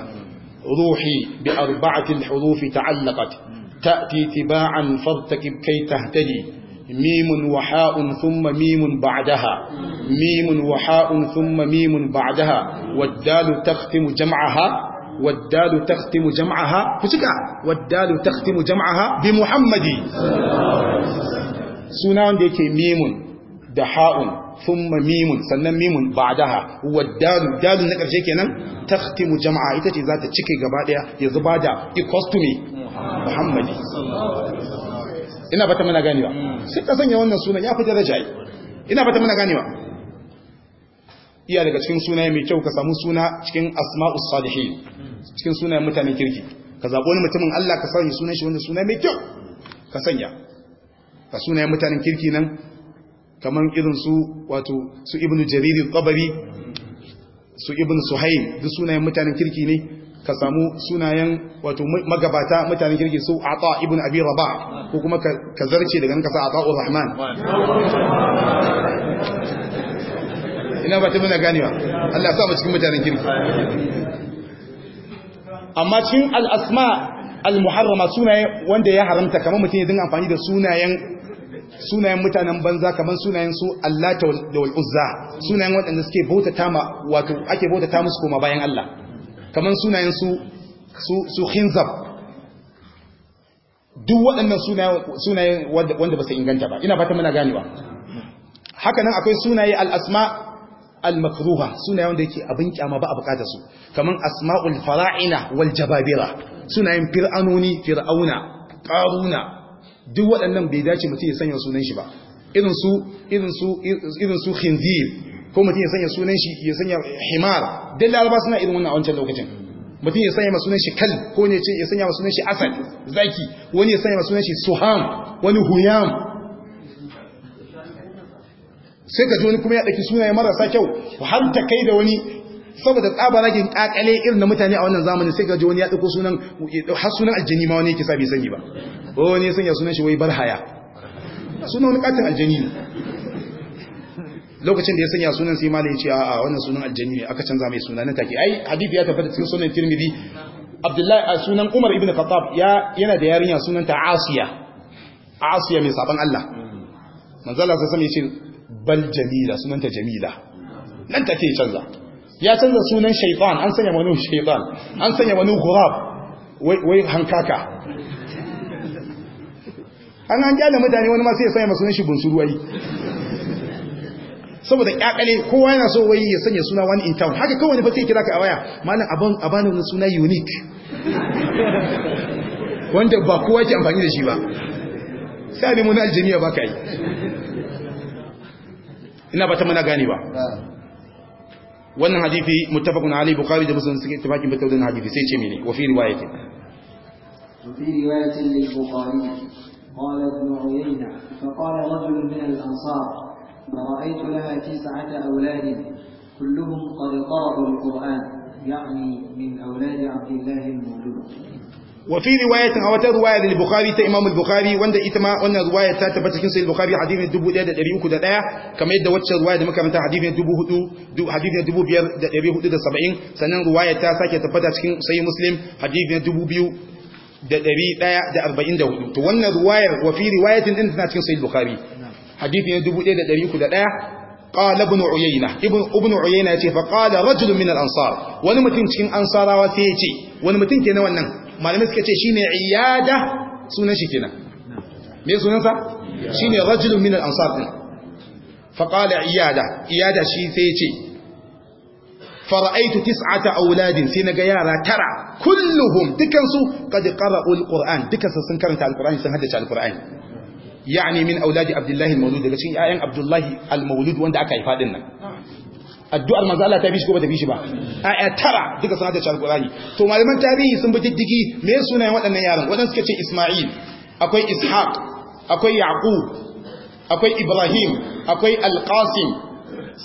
ruhi bi arba'atil hurufi ta'allaqat ta'ti tiba'an fartakib kai tahtadi ميم وحاء ثم ميم بعدها ميم وحاء ثم ميم بعدها والدال تختم waddalu takhtimu jam'aha ku cika waddalu takhtimu jam'aha bi muhammadi suna wanda yake mimun da ha'un thumma mimun sannan mimun ba'daha waddalu dalu na karshe kenan takhtimu jam'a ita ce za ta cike gaba daya ya zuba da equals to me muhammadi ina bata sanya wannan sunan ya fi daraja ina iya daga cikin sunaye mai kyau ka samu suna cikin asma'us salihin cikin sunayen mutanen kirki ka zabo wani mutumin Allah ka sanya sunan shi wanda suna mai kyau ka sanya ka sunayen mutanen kirki nan kamar irin su wato su ibnu jariri qabri su ibnu suhaim duk sunayen mutanen kirki ne ka samu sunayen wato magabata mutanen kirki su ata ibnu abi rabah ko kuma ka zarce daga nan ka sa ata'ur rahman ina ba ta muna ganewa Allah sa mu cikin mutanen kirki amma cikin al'asma al-muharrama sunaye wanda ya haramta kamar mutum ya dinga amfani da sunayen sunayen mutanen banza kamar sunayen su Allah da wal-uzza sunayen waɗanda suke bautata ma wato ake bautata musu koma bayan Allah kamar sunayen su su khinzab duk waɗannan sunayen wanda ba su inganta ba ina ta muna ganewa haka nan akwai sunaye al'asma al-makruha sunayen da yake abin kyama ba a bukata su kaman asma'ul fara'ina wal jababira sunayen fir'anoni fir'auna qaruna duk waɗannan bai dace mutum ya sanya sunan shi ba irin su irin su irin su khinzir ko mutum ya sanya sunan shi ya sanya himar dan ba suna irin wannan a wancan lokacin mutum ya sanya sunan shi kal ko ne ya sanya sunan shi asad zaki wani ya sanya sunan shi suham wani huyam sai ka ji wani kuma ya ɗaki sunaye marasa kyau har ta kai da wani saboda tsabaragin kakale irin na mutane a wannan zamanin sai ka ji wani ya ɗauko sunan har sunan aljini ma wani yake sa bai sani ba wani ya sanya sunan shi wai barhaya sunan wani ƙatin aljini lokacin da ya sanya sunan sai malai ce a wannan sunan aljini ne aka canza mai sunan take ai hadith ya tabbata cikin sunan tirmidhi abdullahi a sunan umar ibn khattab ya yana da yarinya sunanta asiya asiya mai saban Allah Manzala Allah sai ya shi. bal jamila sunanta jamila nan take canza ya canza sunan shaitan an sanya wani shaitan an sanya wani gurab wai hankaka an an gyala mutane wani masu ya sanya masu shi bunsu wai saboda kyakale kowa yana so wai ya sanya suna wani in town haka kawai ba sai kira ka a waya malam abin abanin wani suna unique wanda ba kowa ke amfani da shi ba sai abin wani aljini ya baka yi ina ba ta mana ba wannan hadisi muttafaqun alayhi bukhari da muslim suke tafaki ba wannan hadisi sai ce mene wa fi riwayati wa fi riwayati li bukhari qala ibn uyayna fa qala rajul min al ansar ma ra'aytu laha tis'ata awlad kulluhum qad qara'u al qur'an ya'ni min أولاد abdullah al mawlud wa fi riwayata a wata riwaya da bukhari ta imam bukhari wanda ita ma wannan riwaya ta tabbata cikin sahih bukhari hadisin 1301 kamar yadda wacce riwaya da muka karanta hadisin 4000 hadisin 2470 sannan riwaya ta sake tabbata cikin sahih muslim hadisin 2000 da ɗari ɗaya da arba'in da hudu to wannan ruwayar wa fi riwayatin cikin sahih bukhari hadithi ne dubu ɗaya da ɗari uku da ɗaya qala ibn uyayna ibn ibn uyayna yace fa qala ansar wani mutum cikin ansarawa sai yace wani mutum kenan malamai suka ce shine iyada sunan shi kenan me sunansa ne rajulun min al-ansar din fa qala iyada iyada shi sai ya ce fara'aitu tis'ata auladin sai naga yara tara kulluhum dukansu qad qara'u alquran dukansu sun karanta Alƙur'an sun haddace alqurani yani min auladi abdullahi almawlud daga cikin ƴaƴan abdullahi almawlud wanda aka haifa din nan addu'ar manzo Allah ta bi shi ko ba ta bi shi ba aya tara duka sun hada alqur'ani to malaman tarihi sun bi diddigi me sunayen waɗannan yaran waɗanda suka ce Isma'il akwai Ishaq akwai Yaqub akwai Ibrahim akwai al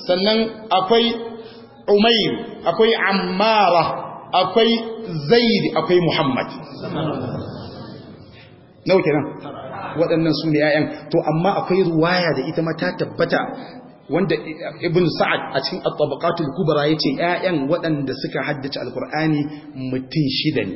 sannan akwai Umair akwai Ammara akwai Zaid akwai Muhammad nawa kenan waɗannan su ‘ya'yan to amma akwai ruwaya da ita ma ta tabbata wanda ibn sa'ad a cikin at-tabaqatul kubra yace ƴaƴan waɗanda suka haddace alqur'ani mutum shida ne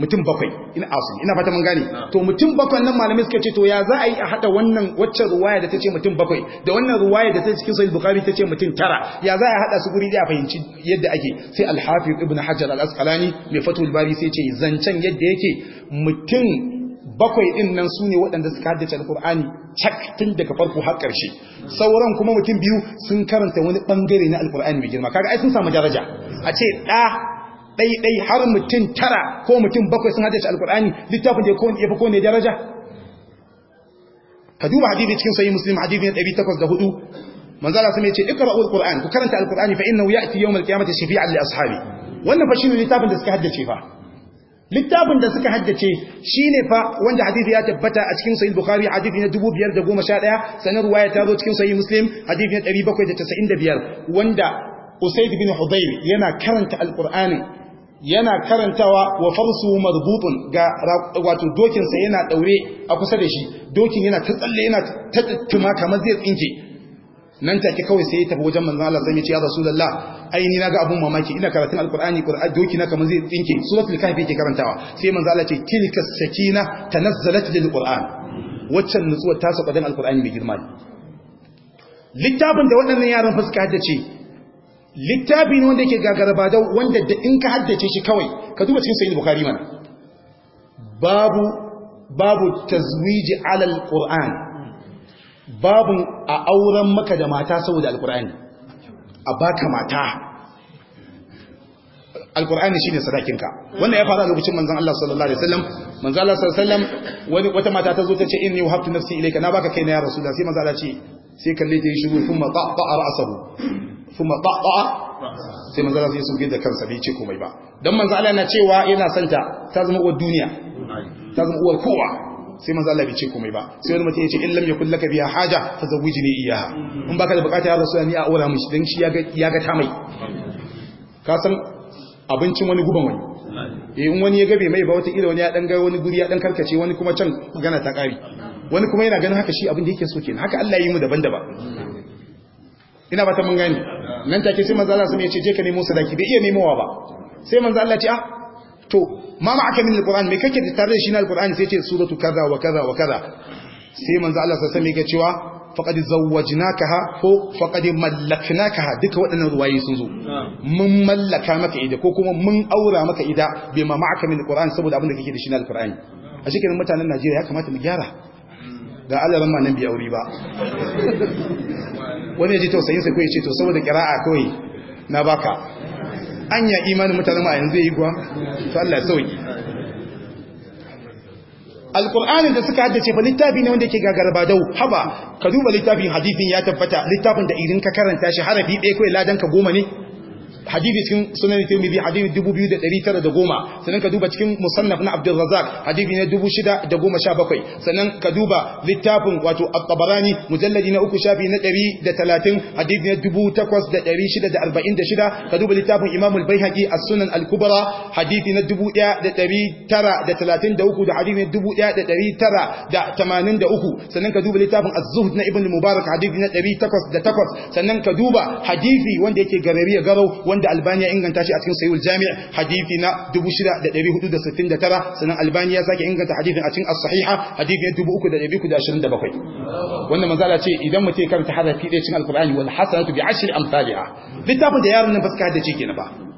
mutum bakwai ina asin ina fata mun gane to mutum bakwai nan malamai suka ce to ya za a yi a hada wannan waccan ruwaya da tace mutum bakwai da wannan ruwaya da ta cikin sahih bukhari tace mutum tara ya za a hada su guri da a fahimci yadda ake sai al-hafiz ibn hajar al-asqalani mai fatul bari sai ce zancen yadda yake mutum bakwai din nan su ne waɗanda suka haddace alkur'ani cak tun daga farko har ƙarshe sauran kuma mutum biyu sun karanta wani ɓangare na alkur'ani mai girma kaga ai sun samu daraja a ce ɗa ɗaiɗai har mutum tara ko mutum bakwai sun haddace alkur'ani littafin da ya fi kowane daraja ka duba hadisi cikin sahih muslim hadisi na 804 manzala sun yace iqra'ul qur'an ku karanta alkur'ani fa innahu ya'ti yawm alqiyamati shafi'an li ashabi wannan fa shine littafin da suka haddace fa littafin da suka haddace shi ne fa wanda hadisi ya tabbata a cikin sayi bukari hadithi na 5,011 sanar ruwaya ta zo cikin sayi muslim hadisi na 795 wanda usaid bin hudayr yana karanta alkur'ani yana karantawa wa farsu marbutun ga wato dokinsa yana daure a kusa da shi dokin yana ta tsalle yana tattuma kamar zai tsinke nan take kawai sai ya tafi wajen manzon Allah sai ya ce ya rasulullah ai ni naga abun mamaki ina karatun alqur'ani qur'ani doki na kamar zai tsinke suratul kahf yake karantawa sai manzon Allah ce tilka sakina tanazzalat lil qur'an waccan nutsuwar ta saba dan alqur'ani mai girma littafin da waɗannan yaran fuska haddace littafi ne wanda yake gagaraba da wanda da in ka haddace shi kawai ka duba cikin sahih bukhari mana babu babu tazwiji alal qur'an Babu a auren maka da mata saboda alkur'ani a baka mata alkur'ani shine sadakinka wannan ya fara lokacin manzon Allah sallallahu alaihi wasallam manzon Allah sallallahu alaihi wasallam wani wata mata ta zo ta ce inni wahabtu nafsi ilayka na baka kaina ya rasulullah sai manzon Allah ce sai kalle ta yi shiru kuma asaru, ra'sahu kuma a? sai manzon Allah sai sun gida kansa bai ce komai ba dan manzon Allah yana cewa yana santa ta zama uwar duniya ta zama uwar kowa sai manzo Allah bai ce komai ba sai wani mutum ya ce in lam yakul laka biha haja fa zawwijni iyaha in baka da bukata ya rasu ni a aura mishi dan shi ya ga ta mai ka san abincin wani guban wani eh in wani ya gabe mai ba wata ira wani ya dan ga wani guri ya dan karkace wani kuma can gana ta kare wani kuma yana ganin haka shi abin da yake so kenan haka Allah ya yi mu daban-daban ina ba ta mun gani nan take sai manzo Allah sai ya ce je ka nemo sadaki bai iya nemowa ba sai manzo Allah ya ce ah to ma ma aka min alqur'ani me kake tare da shi na alqur'ani sai ce suratu kaza wa kaza wa kaza sai manzo Allah sa sami yake cewa faqad zawwajnakaha ko faqad mallaknakaha duka waɗannan ruwayi sun zo mun mallaka maka ida ko kuma mun aura maka ida bai ma ma aka min alqur'ani saboda abin da kake da shi na alqur'ani a shekarun mutanen Najeriya ya kamata mu gyara ga alaran ma nan bi aure ba wani ya ji tausayin sai ko ya ce to saboda kira'a kawai na baka anya imanin mutane ma yanzu yi kuwa to ya sauki alkur'anin da suka haddace ba littafi ne wanda yake gagarba dau haba ka duba littafin hadisin ya tabbata littafin da idan ka karanta shi harafi ɗaya kawai ladan ka goma ne hadisi cikin sunan tirmidhi hadisi 2910 sannan ka duba cikin musannaf na abdul razzaq hadisi ne 6017 sannan ka duba littafin wato at-tabarani mujalladi na uku shafi na 130 hadisi ne 8646 ka duba littafin imam al-baihaqi as-sunan al-kubra hadisi na 1933 da hadisi ne 1983 sannan ka duba littafin az-zuhd na ibn mubarak hadisi na 808 sannan ka duba hadisi wanda yake garariya garau wanda albani ya inganta shi a cikin sahihul jami' hadisi na 6469 sannan albani ya sake inganta hadisin a cikin as-sahiha hadisi na 3227 wannan manzala ce idan mutum ya karanta harafi ɗaya cikin Al-Qur'ani, alqur'ani wal hasanatu bi ashri amsalha littafin da yaron nan ba su ka da ciki ba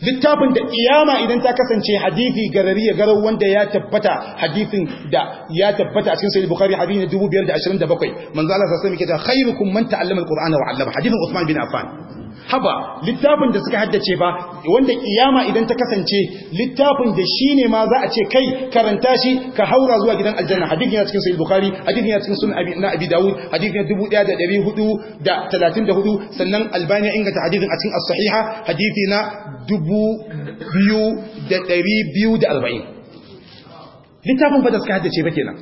littafin da iyama idan ta kasance hadithi garari ya garau wanda ya tabbata hadithin da ya tabbata a cikin sahih bukhari hadisi 2527 manzo Allah sallallahu alaihi wasallam khairukum man ta'allama alqur'ana wa 'allama Hadithin usman bin affan haba littafin da suka haddace ba wanda iyama idan ta kasance littafin da shine ma za a ce kai karanta shi ka haura zuwa gidan aljanna hadisi yana cikin sahih bukhari hadisi yana cikin sunan abi na abi daud hadisi 1434 sannan albani inganta hadithin a cikin as-sahiha hadisi na 2,240 littafin biyu da suka haddace ba kenan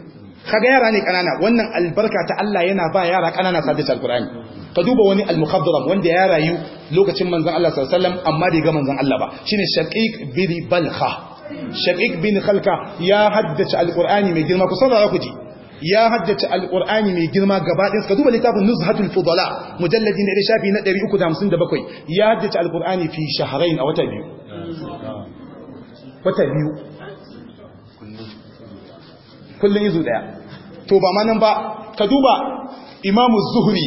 kaga yara ne kanana wannan albarka ta Allah yana ba yara kanana su haddace alkur'ani ka duba wani al wanda ya rayu lokacin manzon Allah sallallahu alaihi wasallam amma bai ga manzon Allah ba shine shaqiq bin balkha shaqiq bin khalka ya haddace alkur'ani mai girma ku saurara ku ya haddace alqur'ani mai girma gabaɗin ka duba littafin nuzhatul fudala mujalladi na shafi na 357 ya haddace alqur'ani fi shahrayn a wata biyu wata biyu Kullum izu daya to ba ma nan ba ka duba imamu zuhri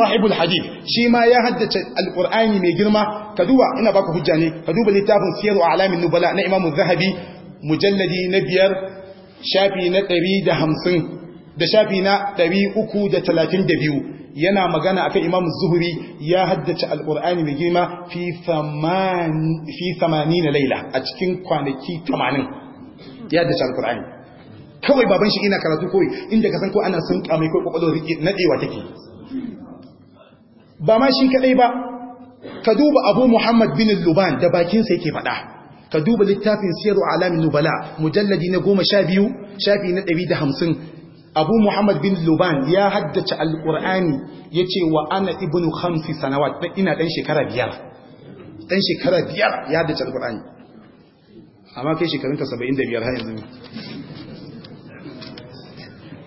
sahibul hadith shi ma ya haddace alqur'ani mai girma ka duba ina baku hujja ne ka duba littafin siyaru alamin nubala na imamu zahabi mujalladi na biyar shafi na 150 da shafi na 332 yana magana akan Imam Zuhri ya haddace Al-Qur'ani mai girma fi 80 laila a cikin kwanaki 80 ya haddace Al-Qur'ani kawai baban shi ina karatu kawai inda ka san ko ana sun kamai kawai kwakwalwar nadewa take ba ma shi kadai ba ka duba Abu Muhammad bin Luban da bakinsa yake faɗa ka duba littafin siyarwa alamin nubala mujalladi na goma sha biyu shafi na ɗari da hamsin abu muhammad bin luban ya haddace alƙur'ani ya ce wa ana ibnu hamsi sanawat ina ɗan shekara biyar ɗan shekara biyar ya haddace alƙur'ani amma kai shekarunka saba'in da biyar ha yanzu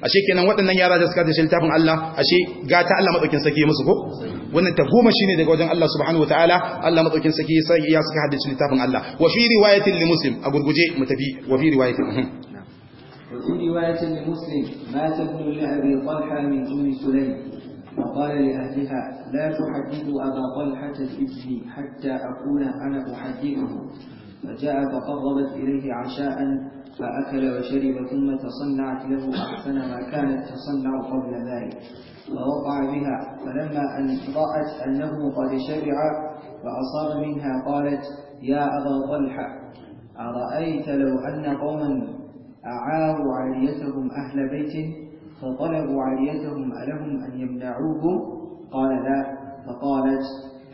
ashe kenan waɗannan yara da suka dace littafin Allah ashe ga ta Allah madaukin saki musu ko wannan ta goma shine daga wajen Allah subhanahu wataala Allah madaukin saki sai ya suka hadisi littafin Allah wa fi riwayatin li muslim a gurguje mu tafi wa fi riwayatin وفي رواية لمسلم مات ابن لأبي طلحة من أم سليم فقال لأهلها لا تحدثوا أبا طلحة ابني حتى أكون أنا أحدثه فجاء فقربت إليه عشاء فأكل وشرب ثم تصنعت له أحسن ما كانت تصنع قبل ذلك فوقع بها فلما أن رأت أنه قد شبع فأصاب منها قالت يا أبا طلحة أرأيت لو أن قوما أعاروا عليتهم أهل بيت فطلبوا عليتهم ألهم أن يمنعوهم قال لا فقالت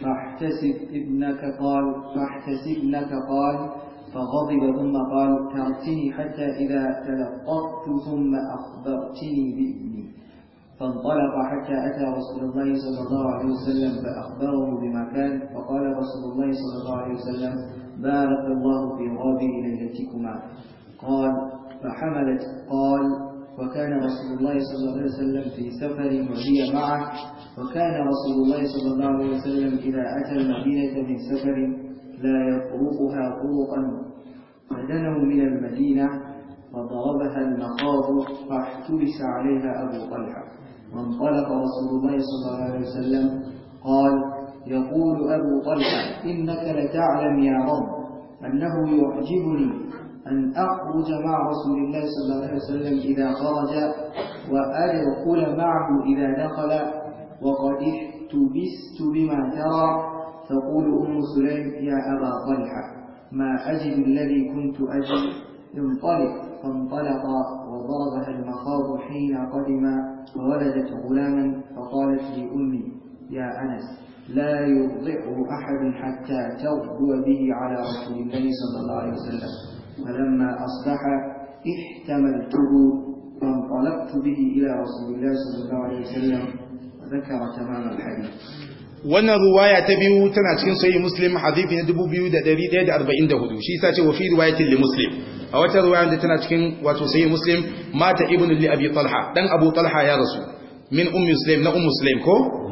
فاحتسب ابنك قال فاحتسب ابنك قال فغضب ثم قال تركته حتى إذا تلقأت ثم أخبرتني بإذني فانطلق حتى أتى رسول الله صلى الله عليه وسلم فأخبره بما كان فقال رسول الله صلى الله عليه وسلم بارك الله في غابر ليلتكما قال فحملت قال وكان رسول الله صلى الله عليه وسلم في سفر وهي معه وكان رسول الله صلى الله عليه وسلم إذا أتى المدينة من سفر لا يطرقها طرقا فدنوا من المدينة فضربها النقاض فاحتبس عليها أبو طلحة وانطلق رسول الله صلى الله عليه وسلم قال يقول أبو طلحة إنك لتعلم يا رب أنه يعجبني أن أخرج مع رسول الله صلى الله عليه وسلم إذا خرج وأدخل معه إذا دخل وقد احتبست بما ترى تقول أم سليم يا أبا طلحة ما أجد الذي كنت أجد انطلق فانطلق وضربها المخاض حين قدم وولدت غلاما فقالت لأمي يا أنس لا يرضعه أحد حتى تغدو به على رسول الله صلى الله عليه وسلم فلما أصبح احتملته فانطلقت به إلى رسول الله صلى الله عليه وسلم وذكر تمام الحديث wannan ruwaya ta biyu tana cikin sahih muslim arba'in da 2144 shi yasa ce wa fi riwayatin li muslim a wata ruwaya da tana cikin wato sahih muslim mata ibnu li abi talha dan abu talha ya rasu min ummi muslim na ummu muslim ko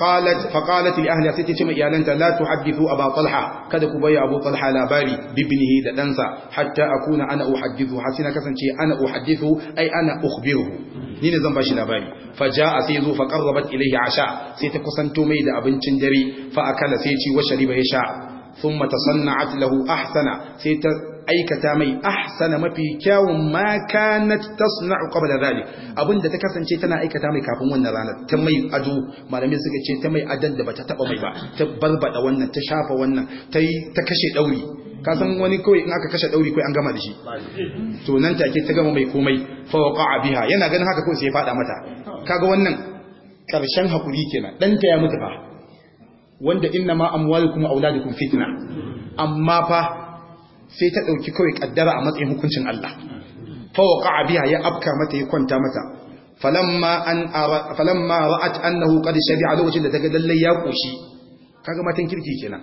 qalat fa qalat li sai ta ce ma iyalanta la tuhaddithu aba talha kada ku bayyana abu talha labari bibnihi da dansa hatta akuna ana uhaddithu har sai na kasance ana uhaddithu ai ana ukhbiruhu ni ne zan bashi labari fa jaa sai zo fa qarrabat ilayhi asha sai ta mai da abincin dare fa sai shariba ya sha ahsana sai aikata mai ahsana mafi kyawun ma kanat tasna'u qabla zalik abinda ta kasance tana aikata mai kafin wannan ranar ta mai ado malamai suka ce ta mai adan da bata taba mai ba ta barbada wannan ta shafa wannan ta ta kashe dauri ka san wani kai in aka kashe dauri kai an gama da shi to nan take ta gama mai komai fa waqa'a biha yana ganin haka ko sai ya fada mata kaga wannan karshen hakuri kenan ta ya mutu fa wanda inna ma amwalukum auladukum fitna amma fa sai ta ɗauki kawai ƙaddara a matsayin hukuncin Allah fawaka biya ya afka mata ya kwanta mata falamma ra'at annahu qad shabi'a lokacin da ta ga lalle ya koshi kaga matan kirki kenan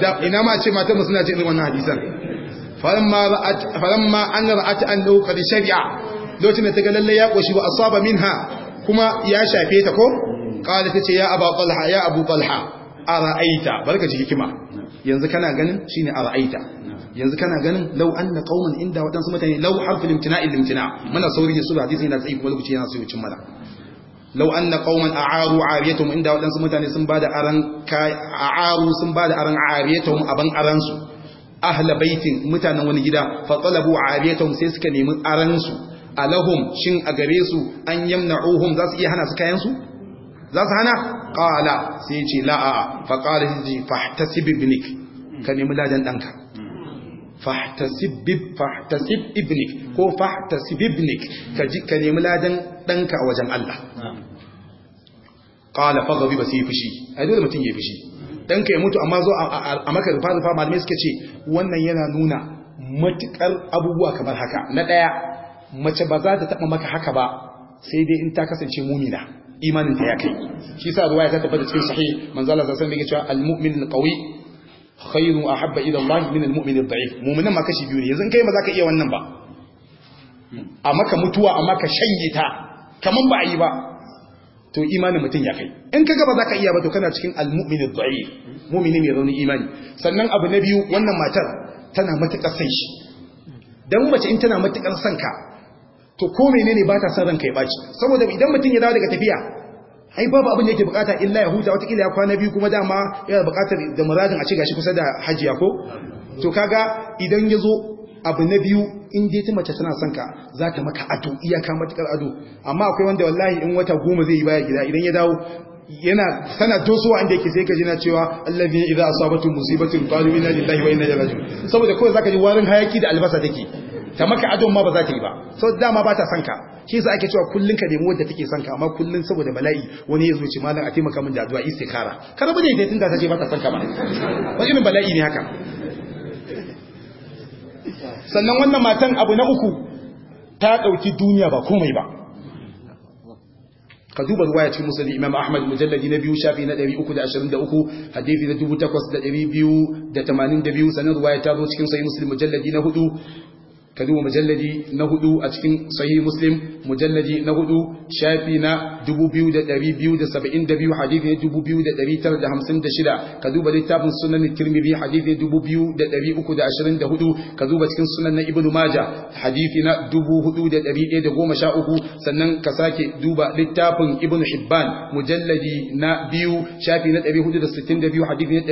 da ina ma ce matan suna ce irin wannan hadisan falamma ra'at falamma an ra'at annahu qad shabi'a lokacin da ta ga lalle ya koshi ba asaba minha kuma ya shafe ta ko qala ce ya abu talha ya abu talha ara'aita barka ji hikima yanzu kana ganin shine ara'aita yanzu kana ganin law anna qauman inda wadansu mutane lau law harful imtina'i limtina muna saurin su hadisi yana tsaye kuma lokaci yana so ya cimmala law anna qauman a'aru 'ariyatum inda wadansu mutane sun bada aran a a'aru sun bada aran 'ariyatum aban aransu ahla baitin mutanen wani gida fa talabu 'ariyatum sai suka nemi aransu alahum shin a gare su an yamna'uhum za su iya hana su kayan su za su hana Ƙala. sai ce la a fa qala shi fahtasib ibnik ka nemi ladan danka fahtasib fahtasib ibnik ko fahtasib ibnik ka ji ka nemi ladan danka wajen Allah Ƙala fa gabi ba sai fushi ai dole mutum ya fushi danka ya mutu amma zo a maka rufa rufa malamai suka ce wannan yana nuna matukar abubuwa kamar haka na ɗaya. mace ba za ta taɓa maka haka ba sai dai in ta kasance mumina imanin ya kai shi yasa ruwaya ta tabbata cikin sahih manzo Allah sallallahu alaihi wasallam yake cewa al-mu'min al-qawi khayrun ahabba ila Allah min al-mu'min ad-da'if mu'minan ma kashi biyu ne yanzu kai ba za ka iya wannan ba a maka mutuwa amma ka shanye ta kaman ba a yi ba to imanin mutum ya kai in kaga ba za ka iya ba to kana cikin al-mu'min ad-da'if mu'mini mai raunin imani sannan abu na biyu wannan matar tana matukar san shi dan mace in tana matukar san ka to ko menene ba ta san ranka ya baci saboda idan mutum ya dawo daga tafiya ai babu abin da yake bukata illa ya huta wata kila ya kwana biyu kuma dama yana bukatar da muradin a ci gashi kusa da hajiya ko to kaga idan ya zo abu na biyu in dai ta mace tana son ka za ta maka ado iyaka matukar ado amma akwai wanda wallahi in wata goma zai yi baya gida idan ya dawo yana sana dosuwa inda yake sai ka ji na cewa allazi idza asabatu musibatin qalu inna lillahi wa inna ilaihi raji'un saboda kawai zaka ji warin hayaki da albasa take ta maka adon ma ba za ta yi ba sau dama ba ta son ka shi yasa ake cewa kullun ka nemi wadda take son ka amma kullun saboda bala'i wani ya zo malam a taimaka min da addu'a istikara kada bane dai tunda ta ce ba ta son ka ba wani irin bala'i ne haka sannan wannan matan abu na uku ta dauki duniya ba komai ba ka duba ruwaya cikin musulmi imam ahmad mujalladi na biyu shafi na 323 hadithi na 8,282 sanar ruwaya ta zo cikin sayi musulun mujalladi na hudu ka duba mujalladi na hudu a cikin sahih muslim mujalladi na hudu shafi na 2272 hadisi 2956 ka duba littafin sunan tirmidhi hadisi 2324 ka duba cikin sunan na ibnu maja hadithi na 4113 sannan ka sake duba littafin ibnu hibban mujalladi na biyu shafi na 462 hadithi na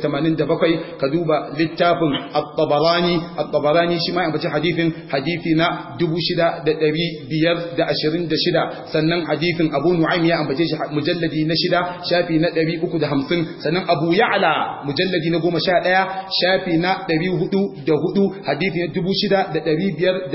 687 ka duba littafin at-tabarani at-tabarani shi ma ya Hadifin hadisi na 6526 sannan hadifin abu nu'aym ya ambace shi mujalladi na 6 shafi na 350 sannan abu ya'ala mujalladi na 11 shafi na 404 hadithi na 6526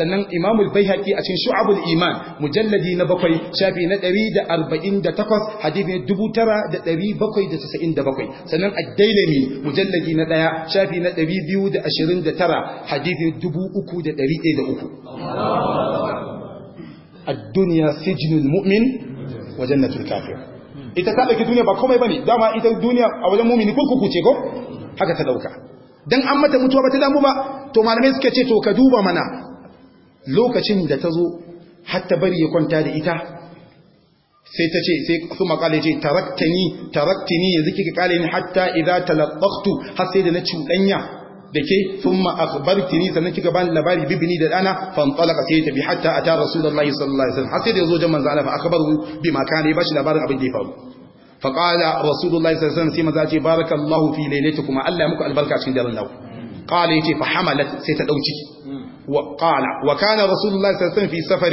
sannan imamul al a cikin shu'abul iman mujalladi na 7 shafi na 148 hadithi na 9797 sannan ad mujalladi na 1 shafi na 229 hadithin dubu uku da ɗari ɗaya da uku a duniya sijinul mu'min wajen na turkafir ita ta ɗauki duniya ba komai ba ne dama ita duniya a wajen mumini kurkuku ce ko haka ta ɗauka don an mata mutuwa ba ta damu ba to malamai suka ce to ka duba mana lokacin da ta zo hatta bari ya kwanta da ita sai ta ce sai su makale ce taraktani taraktani yanzu kika kale ni hatta idza talaqqtu har sai da na cuɗanya da ke thumma kiri sannan kika bani labari bibini da dana fa antalaqa sai tafi hatta ata rasulullahi sallallahu alaihi wasallam har sai da yazo jama'an Allah fa akhbaru bima kana ya bashi labarin abin da ya faru fa qala rasulullahi sallallahu alaihi wasallam sai a ce barakallahu fi kuma Allah muku albarka cikin daren nau ya ce fa hamalat sai ta ɗauci. وقال وكان رسول الله صلى الله عليه وسلم في سفر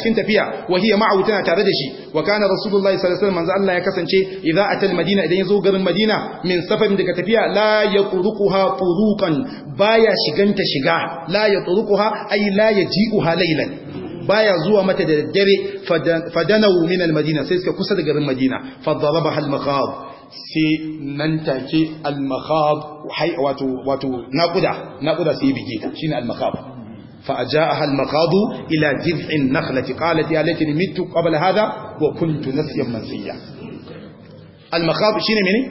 cikin tafiya وهي معه tana tare da shi وكان رسول الله صلى Allah ya kasance idza atal madina idan yazo garin madina min safarin daga tafiya la yaqruquha turuqan baya shiganta shiga la yaqruquha ay la yaji'uha laylan baya zuwa mata da daddare fadanaw min al madina sai suka kusa da garin madina fadaraba al makhab sai nan take al-makhab wato wato naquda naquda sai bige ta shine al-makhab fa ajaaha al-makhab ila jiz'in nakhlati qalat ya laitani mitu qabla hadha wa kuntu nasiyan mansiya al-makhab shine mene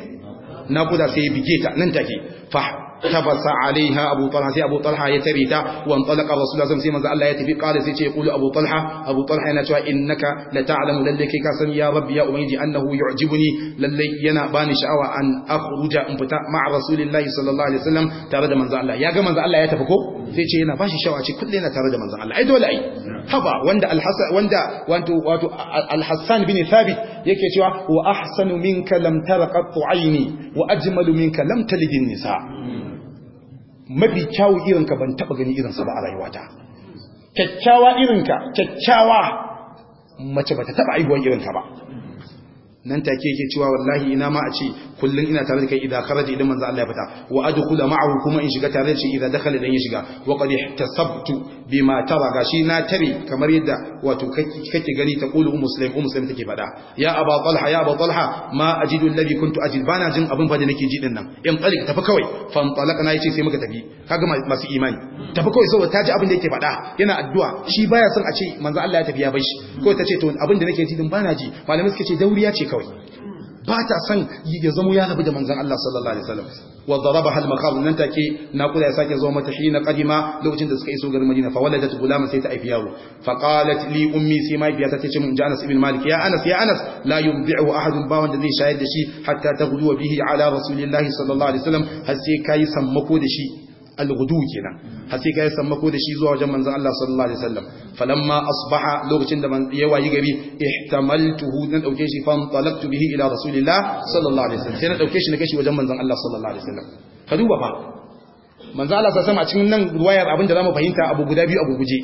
naquda sai bige ta nan take fa tabasa alaiha abu talha sai abu talha ya tare ta wan talaqa rasulullahi sai manzo ya tafi qala sai ce yaqulu abu talha abu talha yana cewa innaka la ta'lamu lalle kai ka san ya rabbi ya ubangiji annahu yu'jibuni lalle yana bani sha'awa an akhruja in fita ma rasulullahi sallallahu alaihi ya ga manzo ya tafi sai yana bashi sha'awa ce kullu yana da manzo Allah dole ai haba wanda alhasan wanda wato wato alhasan bin yake wa ahsanu wa ajmalu minka nisa mafi kyawu irinka ban taba gani irinsa ba a rayuwata kyakkyawa irinka kyakkyawa mace bata taba aihuwar irinka ba nan take yake cewa wallahi ina ma a ce kullun ina tare da kai idan kharaja idan manzo Allah ya fita wa adkhula ma'ahu kuma in shiga tare da shi idan dakhala dan ya shiga wa qad ihtasabtu bima tara gashi na tare kamar yadda wato kake gani ta qulu muslim um muslim take fada ya aba talha ya aba talha ma ajidu alladhi kuntu ajid bana jin abin fa da nake ji din nan in talik tafi kawai fa na yace sai muka tafi kaga masu imani tafi kawai saboda ta abin da yake fada yana addu'a shi baya son a ce manzo Allah ya tafi ya bar shi ko ta ce to abin da nake ji din bana ji malamai suka ce dauriya ce kawai kawai ba ta son ya zama ya rabu da manzan Allah sallallahu alaihi wasallam hal maqam nan take na kula ya sake zama mata shi na kadima lokacin da suka iso garin Madina fa waladat gulama sai ta aifi yaro fa qalat li ummi sai mai biya ta ce mun Anas ibn Malik ya Anas ya Anas la yumbi'u ahadun ba wanda zai shayar da shi hatta taghdu bihi ala rasulillahi sallallahu alaihi wasallam har sai kai sammako da shi al-ghudu kenan har sai kai sammako da shi zuwa wajen manzon Allah sallallahu alaihi wasallam falamma asbaha lokacin da ya wayi gari ihtamaltuhu dan dauke shi fa talaqtu bihi ila rasulillah sallallahu alaihi wasallam sai na dauke shi na kashi wajen manzon Allah sallallahu alaihi wasallam ka duba fa manzon Allah sallallahu alaihi wasallam a cikin nan ruwayar abinda zamu fahimta abu guda biyu abu guje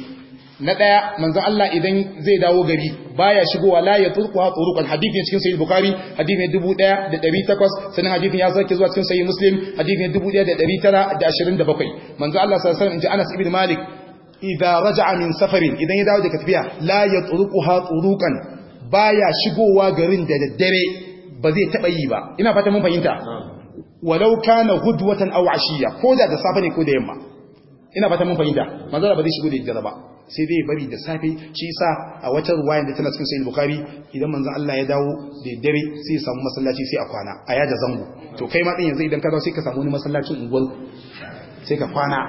na daya manzon Allah idan zai dawo gari baya shigowa la ya turku ha turuqan hadithin cikin sahih bukhari hadithin 1800 sanan hadithin ya sake zuwa cikin sahih muslim hadithin 1927 manzon Allah sallallahu alaihi wasallam Anas ibn Malik idza raja'a min safarin idan ya dawo daga tafiya la ya turku ha turuqan baya shigowa garin da daddare ba zai taba yi ba ina fata mun fahimta walau kana hudwatan aw ashiya ko da safe ne ko da yamma ina fata mun fahimta manzon Allah ba zai shigo da daddare ba sai dai bari da safe shi sa a wata ruwaya da tana cikin sahih bukhari idan manzon Allah ya dawo da dare sai ya samu masallaci sai a kwana a yaja zango to kai ma din yanzu idan ka dawo sai ka samu wani masallacin unguwar sai ka kwana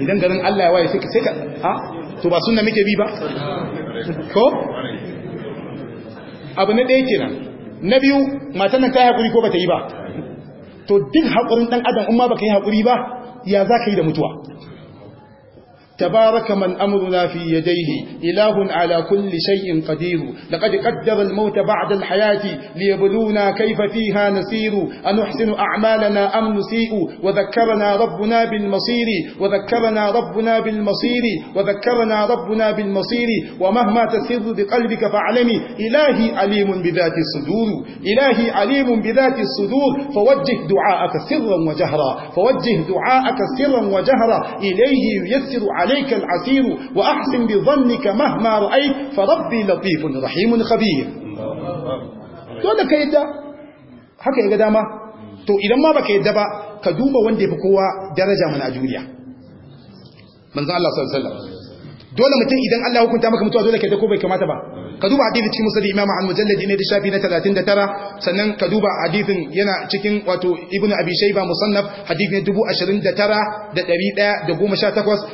idan garin Allah ya waye sai ka sai ka ha to ba sunna muke bi ba ko abu na ɗaya kenan na biyu matan nan ta yi ko ba ta yi ba to duk haƙurin ɗan adam umma ba yi hakuri ba ya za ka yi da mutuwa تبارك من أمرنا في يديه إله على كل شيء قدير لقد قدر الموت بعد الحياة ليبلونا كيف فيها نسير أنحسن أعمالنا أم نسيء وذكرنا ربنا بالمصير وذكرنا ربنا بالمصير وذكرنا ربنا بالمصير ومهما تسر بقلبك فاعلمي إلهي عليم بذات الصدور إلهي عليم بذات الصدور فوجه دعاءك سرا وجهرا فوجه دعاءك سرا وجهرا إليه ييسر عليك عليك العسير وأحسن بظنك مهما رأيت فربي لطيف رحيم خبير haka ya ga dama to idan ma baka yadda ba ka duba wanda ya kowa daraja mana a duniya dole mutum idan Allah hukunta maka mutuwa dole kai ta ko bai kamata ba ka duba hadisi cikin musnad Imam al-Mujallad ne da shafi na 39 sannan ka duba hadisin yana cikin wato Ibn Abi Shayba musannaf hadisi ne 29118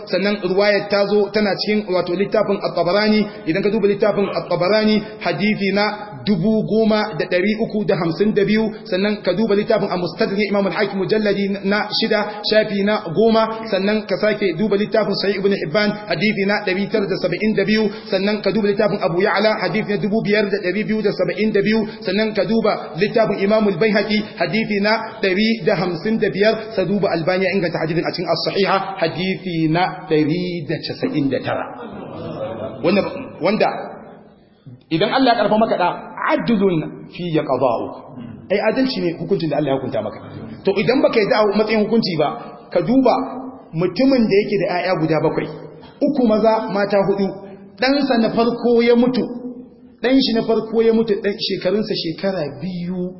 sannan riwayar ta zo tana cikin wato littafin At-Tabarani idan ka duba littafin At-Tabarani hadisi na 10352 sannan ka duba littafin Al-Mustadrak Imam al-Hakim Mujallad na 6 shafi na 10 sannan ka sake duba littafin Sahih Ibn Hibban hadisi na 1972 sannan ka duba littafin Abu Ya'la hadith na 2272 sannan ka duba littafin Imam al-Baihaqi hadithi na 155 sa duba Albani ya inganta hadithin a cikin as-sahiha hadithi na 199 wanda wanda idan Allah ya karfa maka da adlun fi yaqda'u ai adalci ne hukuncin da Allah ya hukunta maka to idan baka yi da matsayin hukunci ba ka duba mutumin da yake da ƴaƴa guda bakwai uku maza mata hudu ɗansa na farko ya mutu ɗan shi na farko ya mutu shekarunsa shekara biyu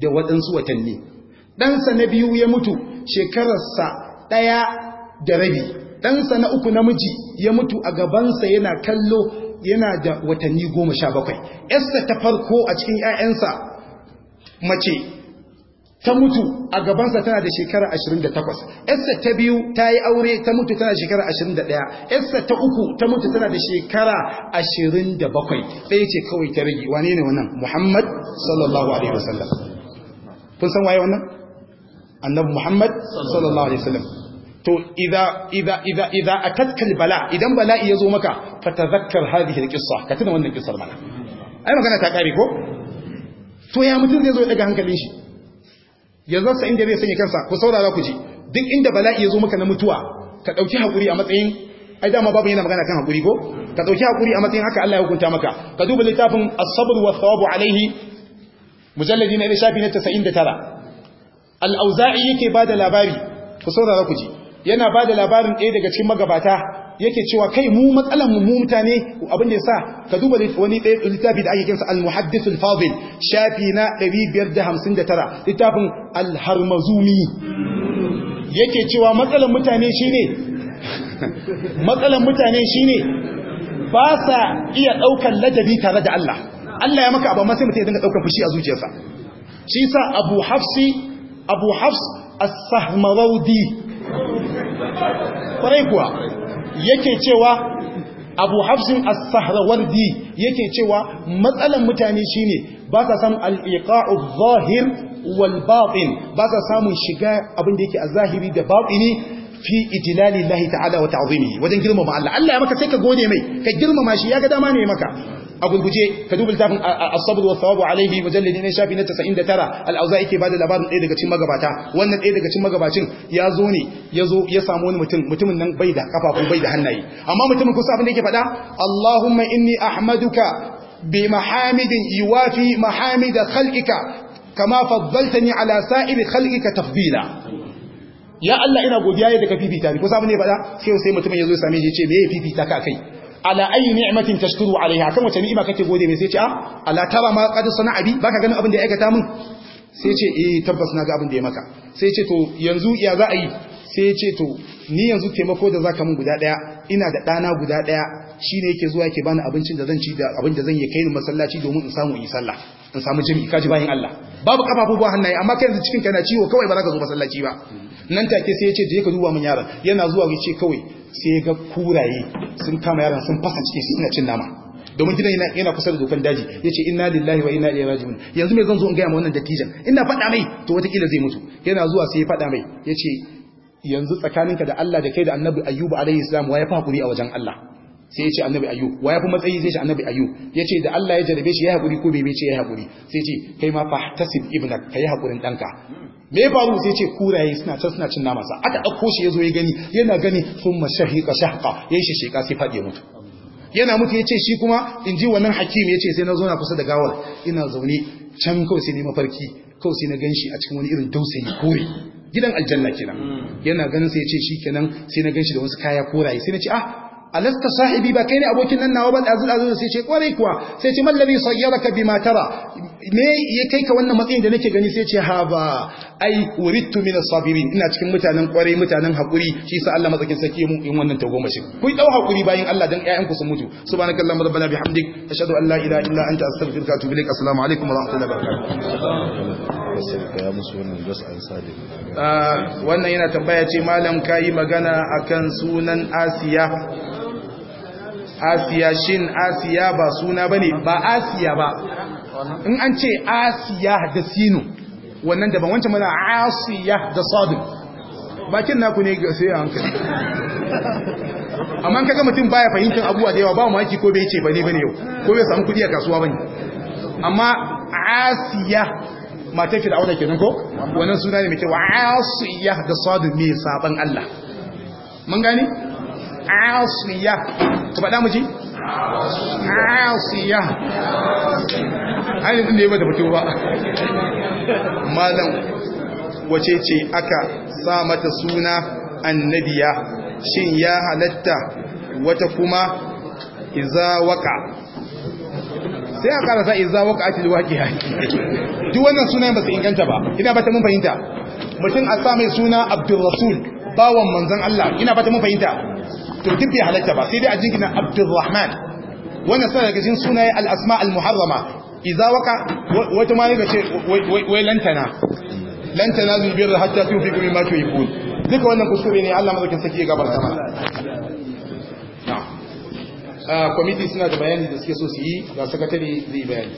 da waɗansu watanni ɗansa na biyu ya mutu shekararsa ɗaya da rabi ɗansa na uku namiji ya mutu a gabansa yana kallo yana da watanni goma sha bakwai yarsa ta farko a cikin 'ya'yansa mace ta mutu a gabansa tana da shekara 28 yarsa ta biyu ta yi aure ta mutu tana da shekara 21 yarsa ta uku ta mutu tana da shekara 27 ɗaya ce kawai ta rage wane ne wannan muhammad sallallahu alaihi wasallam kun san waye wannan annabi muhammad sallallahu alaihi wasallam to idza idza idza idza atatka albala idan bala'i yazo maka fatadhakkar hadhihi alqissa ka tuna wannan kissar mana ai magana ta kare ko to ya mutum zai zo ya daga hankalin shi yanzu sa inda zai sanya kansa ku saurara ku ji duk inda bala'i ya zo maka na mutuwa ka dauki hakuri a matsayin ai dama babu yana magana kan hakuri ko ka dauki hakuri a matsayin haka Allah ya hukunta maka ka duba littafin as-sabr wa thawabu alaihi mujalladi na shafi na 99 al-auza'i yake bada labari ku saurara ku ji yana bada labarin ɗaya daga cikin magabata yake cewa kai mu matsalan mu mutane abin da yasa ka duba wani littafi da ake kinsa al-muhaddith al-fadil shafi na 559 littafin al-harmazumi yake cewa matsalan mutane shine matsalan mutane shine ba sa iya daukan ladabi tare da Allah Allah ya maka abu amma sai mutum ya dinga daukan fushi a zuciyarsa shi sa Abu Hafsi Abu Hafs as-Sahmaraudi kwarai kuwa yake cewa abu hafsin as-sahrawardi yake cewa matsalan mutane shine ba sa samun al-iqa'u zahir wal batin ba sa samun shiga abin da yake a zahiri da batini fi ijlali Allah ta'ala wa ta'zimihi wajen girmama Allah Allah ya maka sai ka gode mai ka girmama shi ya ga dama ne maka a gurguje ka duba littafin as-sabr wa thawabu alayhi mujallidi ne shafi na 99 al-auza'i ke bada labarin ɗaya daga cikin magabata wannan ɗaya daga cikin magabacin ya zo ne ya zo ya samu wani mutum mutumin nan bai da kafafu bai da hannaye amma mutumin kusa abin da yake faɗa Allahumma inni ahmaduka بمحامد يوافي محامد خلقك كما فضلتني على سائر خلقك تفضيلا Ya Allah ina godiya yadda ka fifita ni ko sabu ne faɗa sai sai ya zo ya same shi ce me ya fifita ka kai ala ayi ni'matin tashkuru alaiha kan wace ni'ima kake gode mai sai ce ah ala tara ma qad sana'a bi baka ganin abin da ya aikata mun sai ce eh tabbas na ga abin da ya maka sai ce to yanzu ya za a yi sai ce to ni yanzu taimako da zaka mun guda daya ina da dana guda daya shine yake zuwa yake bani abincin da zan ci da abin da zan yi kai ni masallaci domin in samu in sallah in samu jami'i kaji bayin Allah babu kafafu ba hannaye amma kai yanzu cikin kana ciwo kawai ba za ka zo masallaci ba nan take sai ya ce je ka duba mun yaron yana zuwa ya ce kawai sai ga kuraye sun kama yaran sun fasa cikin su suna cin nama domin gidan yana yana kusa da dokan daji yace inna lillahi wa inna ilaihi raji'un yanzu me zan zo in ga wannan dattijan ina faɗa mai to watakila zai mutu yana zuwa sai ya faɗa mai yace yanzu tsakaninka da Allah da kai da Annabi Ayyubu alaihi salam wa fa hakuri a wajen Allah sai ya ce annabi ayyub wa ya fi matsayi zai ce annabi ayu ya ce da Allah ya jarabe shi ya haƙuri ko bai ce ya haƙuri sai ce kai ma fahtasib ka yi haƙurin ɗanka me ya faru sai ce kuraye suna can suna cin namansa aka ɗauko shi ya zo ya gani yana gani sun mashahiƙa shahƙa ya yi sheka sai faɗi mutu yana mutu ya ce shi kuma in ji wannan hakim ya ce sai na zo na kusa da gawar ina zaune can kawai sai ne mafarki kawai sai na gan shi a cikin wani irin tausayi kore gidan aljanna kenan hmm. yana ganin sai ya ce shi kenan sai na gan shi da wasu kaya koraye sai na ce ah alaska sahibi ba kai ne abokin nan nawa ba azul azul sai ce kwarai kuwa sai ce mallabi sayyaraka bima tara me ya kai ka wannan matsayin da nake gani sai ce ha ba ai wurittu min sabirin ina cikin mutanen kwarai mutanen hakuri shi sa Allah matsakin sake mu in wannan tagomashin ku dau hakuri bayin Allah dan ƴaƴanku sun mutu subhanakallahumma rabbana bihamdik ashhadu an la ilaha illa anta astaghfiruka wa atubu ilaik assalamu alaikum wa rahmatullahi wa barakatuh ah, wannan yana tambaya ce malam kai magana akan sunan Asiya asiya shin asiya ba suna ba ne ba asiya ba in an ce asiya da sinu wannan daban wancan mana asiya da sadin bakin naku ne ga sai kai, amma kaga mutum baya fahimtar Abuwa da yawa ba maki ko bai ce bane bane yau ko bai samu kudi a kasuwa bane amma asiya da fir'auna kenan ko wannan suna ne mai kyau asiya da sadin mai saban Allah mun gani asiya ta faɗa mu ji asiya ainihin da ya bata fito ba malam wace ce aka sa mata suna annabiya shin ya halatta wata kuma izawaka sai a karasa izawaka a ke haki duk wannan suna ba su inganta ba ina ba ta mun fahimta mutum a sa mai suna Rasul, bawan manzan Allah ina ba ta mun fahimta to duk bai halatta ba sai dai a jingina abdurrahman wannan sana daga cikin sunaye al-asma al-muharrama idza waka wata ma ga ce wai lantana lantana zulbir hatta tunfiqu mimma tuhibbun duka wannan kuskure ne Allah madaukin saki ya gabarta mana na'am ah, suna da bayani da suke so su yi ga sakatare zai bayani